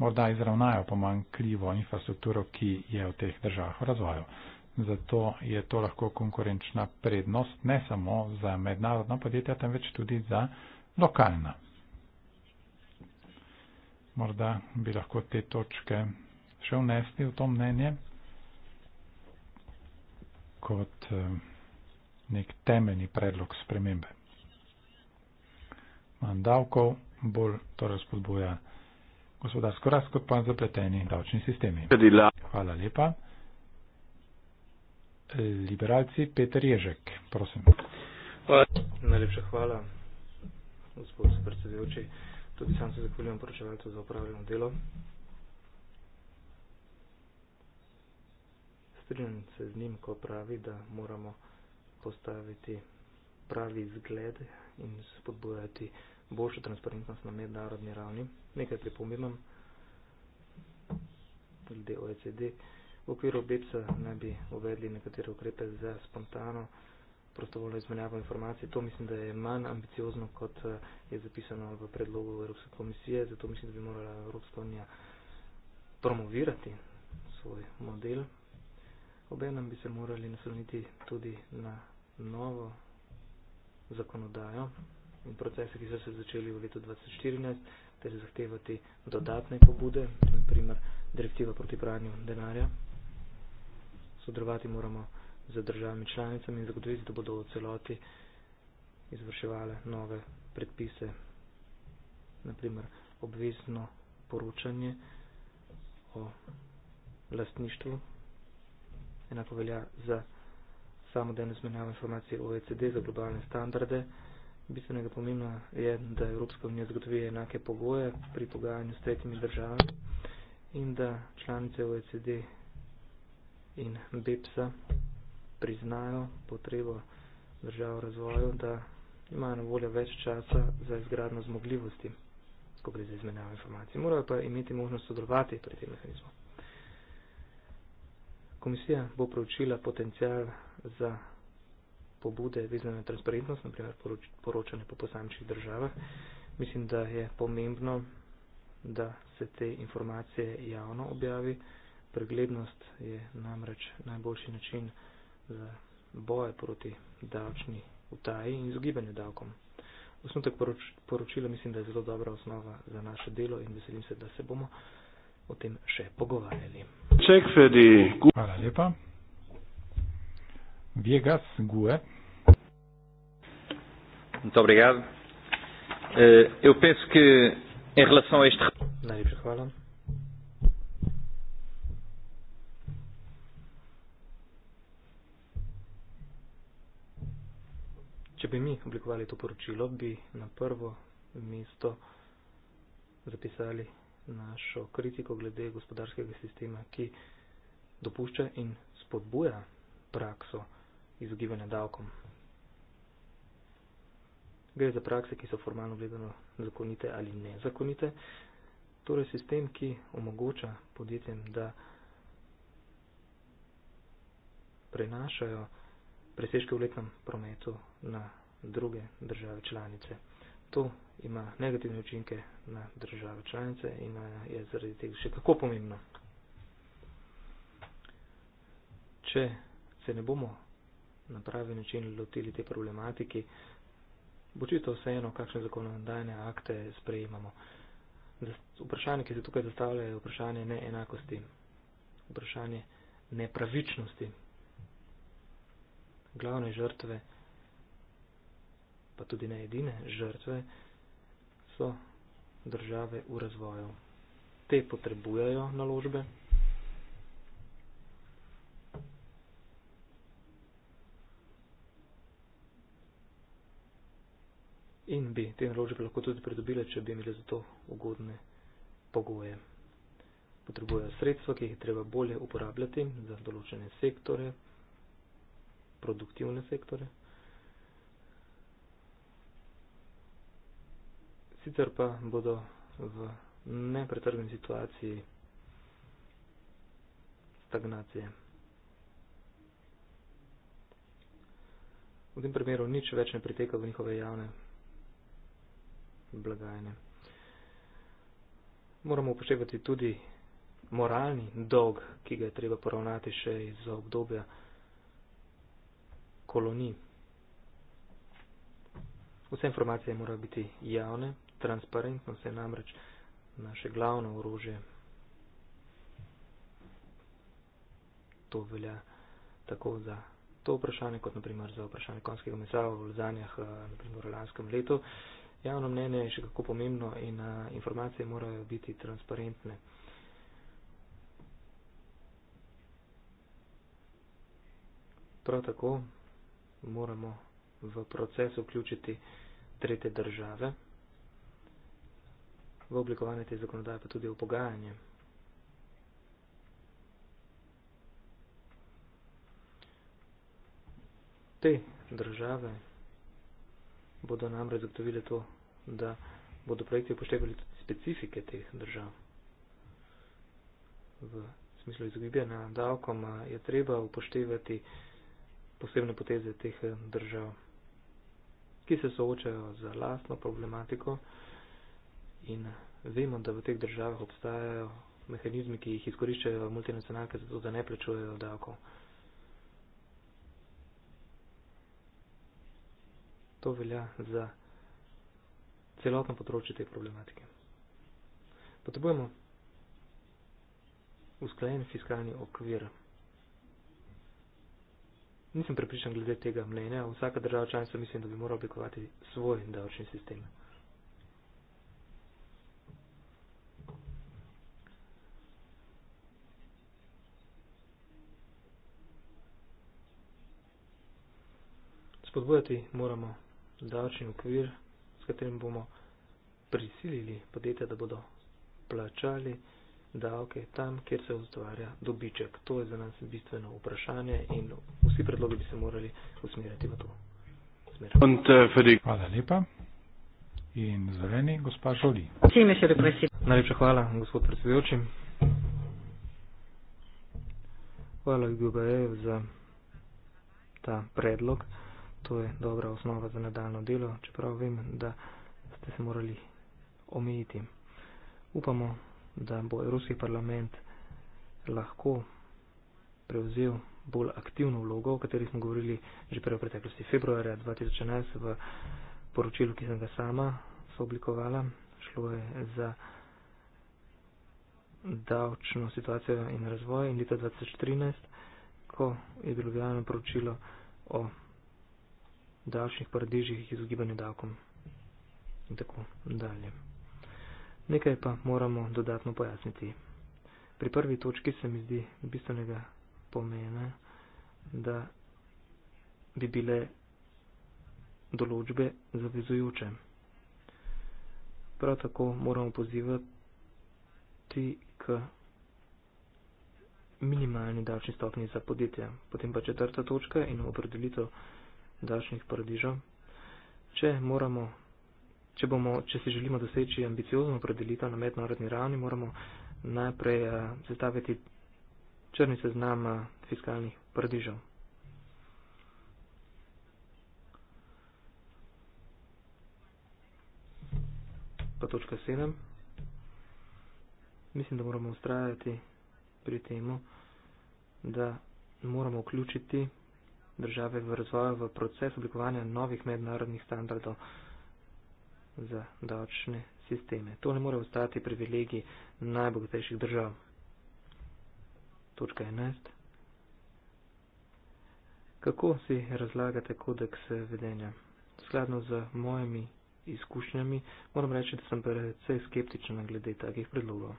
morda izravnajo pomankljivo infrastrukturo, ki je v teh državah v razvoju. Zato je to lahko konkurenčna prednost ne samo za mednarodna podjetja, temveč tudi za lokalna morda bi lahko te točke še vnesli v to mnenje kot eh, nek temeljni predlog spremembe. Manj davkov bolj to torej razpodbuja gospodarsko rast kot pa zapleteni davčni sistemi. Hvala lepa. Liberalci Peter Ježek, prosim. Hvala. Najlepša hvala, gospod predsedujoči. Tudi sam se zahvaljujem poročevalcu za opravljeno delo. Strinjam se z njim, ko pravi, da moramo postaviti pravi zgled in spodbujati boljšo transparentnost na mednarodni ravni. Nekaj pripomimam glede OECD. V okviru BEPS-a e naj bi uvedli nekatere ukrepe za spontano prostovoljno izmenjavo informacij. To mislim, da je manj ambiciozno, kot eh, je zapisano v predlogu Evropske komisije, zato mislim, da bi morala Evropska unija promovirati svoj model. Obenem bi se morali nasloniti tudi na novo zakonodajo in procese, ki so se začeli v letu 2014, ter zahtevati dodatne pobude, naprimer direktiva proti pranju denarja. Sodelovati moramo z državami članicami in zagotoviti, da bodo v celoti izvrševale nove predpise, naprimer obvezno poročanje o lastništvu. Enako velja za samodejno izmenjavo informacij OECD za globalne standarde. Bistvenega pomena je, da Evropska unija zagotovi enake pogoje pri pogajanju s tretjimi državami in da članice OECD in BEPS-a priznajo potrebo držav v razvoju, da imajo na voljo več časa za izgradno zmogljivosti, ko gre za izmenjavo informacij. Morajo pa imeti možnost sodelovati pri tem mehanizmu. Komisija bo proučila potencial za pobude vezane na transparentnost, naprimer poročanje po posamičnih državah. Mislim, da je pomembno, da se te informacije javno objavi. Preglednost je namreč najboljši način za boje proti davčni utaji in izogibanju davkom. Osnutek poroč, poročila mislim, da je zelo dobra osnova za naše delo in veselim se, da se bomo o tem še pogovarjali. Hvala lepa. Viegas Gue. Dobrigado. Eh, eu penso que em relação a este. Najlepša hvala. Če bi mi oblikovali to poročilo, bi na prvo mesto zapisali našo kritiko glede gospodarskega sistema, ki dopušča in spodbuja prakso izogibanja davkom. Gre za prakse, ki so formalno gledano zakonite ali nezakonite, torej sistem, ki omogoča podjetjem, da prenašajo presežke v letnem prometu na druge države članice. To ima negativne učinke na države članice in eh, je zaradi tega še kako pomembno. Če se ne bomo na pravi način lotili te problematiki, bo čisto vseeno, kakšne zakonodajne akte sprejemamo. Vprašanje, ki se tukaj zastavlja, je vprašanje neenakosti, vprašanje nepravičnosti. Glavne žrtve pa tudi ne edine žrtve, so države v razvoju. Te potrebujejo naložbe. In bi te naložbe lahko tudi pridobile, če bi imeli za to ugodne pogoje. Potrebujejo sredstva, ki jih treba bolje uporabljati za določene sektore, produktivne sektore. sicer pa bodo v nepretrgni situaciji stagnacije. V tem primeru nič več ne priteka v njihove javne blagajne. Moramo upoštevati tudi moralni dolg, ki ga je treba poravnati še iz obdobja kolonij. Vse informacije morajo biti javne, Transparentnost je namreč naše glavno orožje. To velja tako za to vprašanje, kot naprimer za vprašanje konskega mesa v Lozanjah, eh, naprimer v lanskem letu. Javno mnenje je še kako pomembno in a, eh, informacije morajo biti transparentne. Prav tako moramo v proces vključiti tretje države v oblikovanje te zakonodaje, pa tudi v pogajanje. Te države bodo namreč zagotovile to, da bodo projekti upoštevali tudi specifike teh držav. V smislu izogibanja davkom je treba upoštevati posebne poteze teh eh, držav, ki se soočajo z lastno problematiko, In vemo, da v teh državah obstajajo mehanizmi, ki jih izkoriščajo multinacionalke zato, da ne plačujejo davkov. To velja za celotno področje te problematike. Potrebujemo usklajen fiskalni okvir. Nisem prepričan glede tega mnenja. Vsaka država članica mislim, da bi morala oblikovati svoj davčni sistem. spodbujati moramo davčni okvir, s katerim bomo prisilili podjetja, da bodo plačali davke tam, kjer se ustvarja dobiček. To je za nas bistveno vprašanje in vsi predlogi bi se morali usmerjati v to smer. Hvala lepa. In zeleni, gospa Žoli. Najlepša hvala, gospod predsedujoči. Hvala, Gubajev, za ta predlog to je dobra osnova za nadaljno delo, čeprav vem, da ste se morali omejiti. Upamo, da bo Evropski parlament lahko prevzel bolj aktivno vlogo, o kateri smo govorili že prej v preteklosti februarja 2011 v poročilu, ki sem ga sama sooblikovala. Šlo je za davčno situacijo in razvoj in leta 2013, ko je bilo objavljeno poročilo o davčnih paradižih izogibanju davkom in tako dalje. Nekaj pa moramo dodatno pojasniti. Pri prvi točki se mi zdi bistvenega pomena, da bi bile določbe zavezujoče. Prav tako moramo pozivati k minimalni davčni stopni za podjetja. Potem pa četrta točka in opredelitev daljšnjih paradiža. Če, moramo, če, bomo, če si želimo doseči ambiciozno predelitev na mednarodni ravni, moramo najprej zastaviti eh, črni seznam eh, fiskalnih paradižev. Pa točka 7. Mislim, da moramo ustrajati pri temu, da moramo vključiti države v razvoju v proces oblikovanja novih mednarodnih standardov za davčne sisteme. To ne more ostati privilegij najbogatejših držav. Točka 11. Kako si razlagate kodeks vedenja? Skladno z mojimi izkušnjami moram reči, da sem precej skeptičen glede takih predlogov.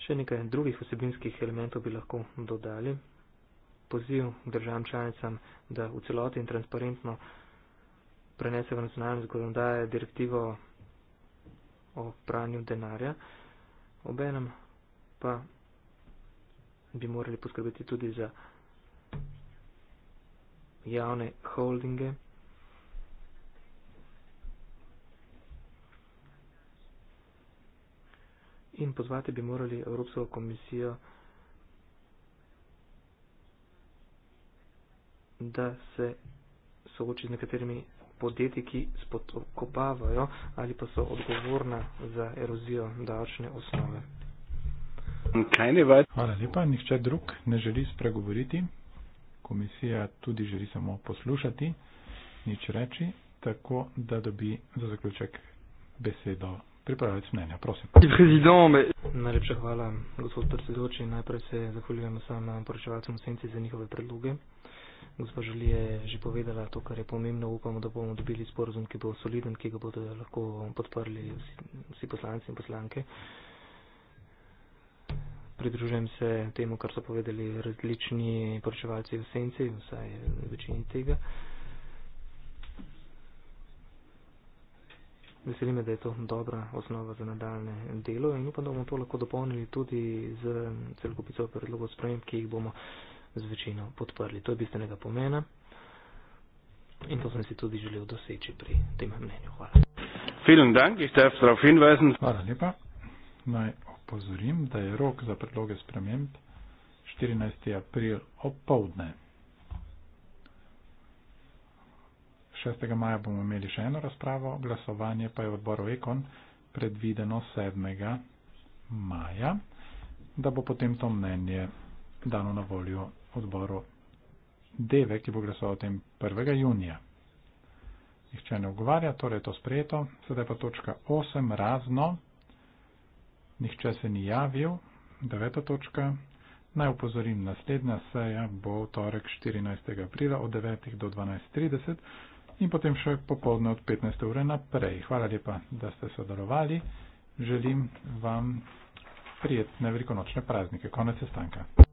Še nekaj drugih vsebinskih elementov bi lahko dodali poziv državam članicam, da v celoti in transparentno prenese v nacionalne zakonodaje direktivo o pranju denarja. Obenem pa bi morali poskrbeti tudi za javne holdinge. In pozvati bi morali Evropsko komisijo, da se sooči z nekaterimi podjetji, ki spodkopavajo ali pa so odgovorna za erozijo davčne osnove. Hvala lepa. Nihče drug ne želi spregovoriti. Komisija tudi želi samo poslušati, nič reči, tako da dobi za zaključek besedo pripravljati mnenja. Prosim. Najlepša hvala, gospod predsedoči. Najprej se zahvaljujem vsem poročevalcem v senci za njihove predloge gospod Želi je že povedala to, kar je pomembno. Upamo, da bomo dobili sporozum, ki bo soliden, ki ga bodo lahko podprli vsi, vsi poslanci in poslanke. Pridružujem se temu, kar so povedali različni poročevalci v senci, vsaj večini tega. Veseli me, da je to dobra osnova za nadaljne delo in upam, da bomo to lahko dopolnili tudi z celokupico predlogov sprememb, ki jih bomo z večino podprli. To je bistvenega pomena in to sem si tudi želel doseči pri tem mnenju. Hvala. Hvala lepa. Naj opozorim, da je rok za predloge sprememb 14. april opovdne. 6. maja bomo imeli še eno razpravo, glasovanje pa je v odboru Ekon predvideno 7. maja, da bo potem to mnenje dano na voljo odboru Deve, ki bo glasoval o tem 1. junija. Nihče ne ogovarja, torej je to sprejeto. Sedaj pa točka 8, razno. Nihče se ni javil. 9. točka. Naj upozorim, naslednja seja bo torek 14. aprila od 9. do 12.30 in potem še popoldne od 15. ure naprej. Hvala lepa, da ste sodelovali. Želim vam prijetne velikonočne praznike. Konec sestanka.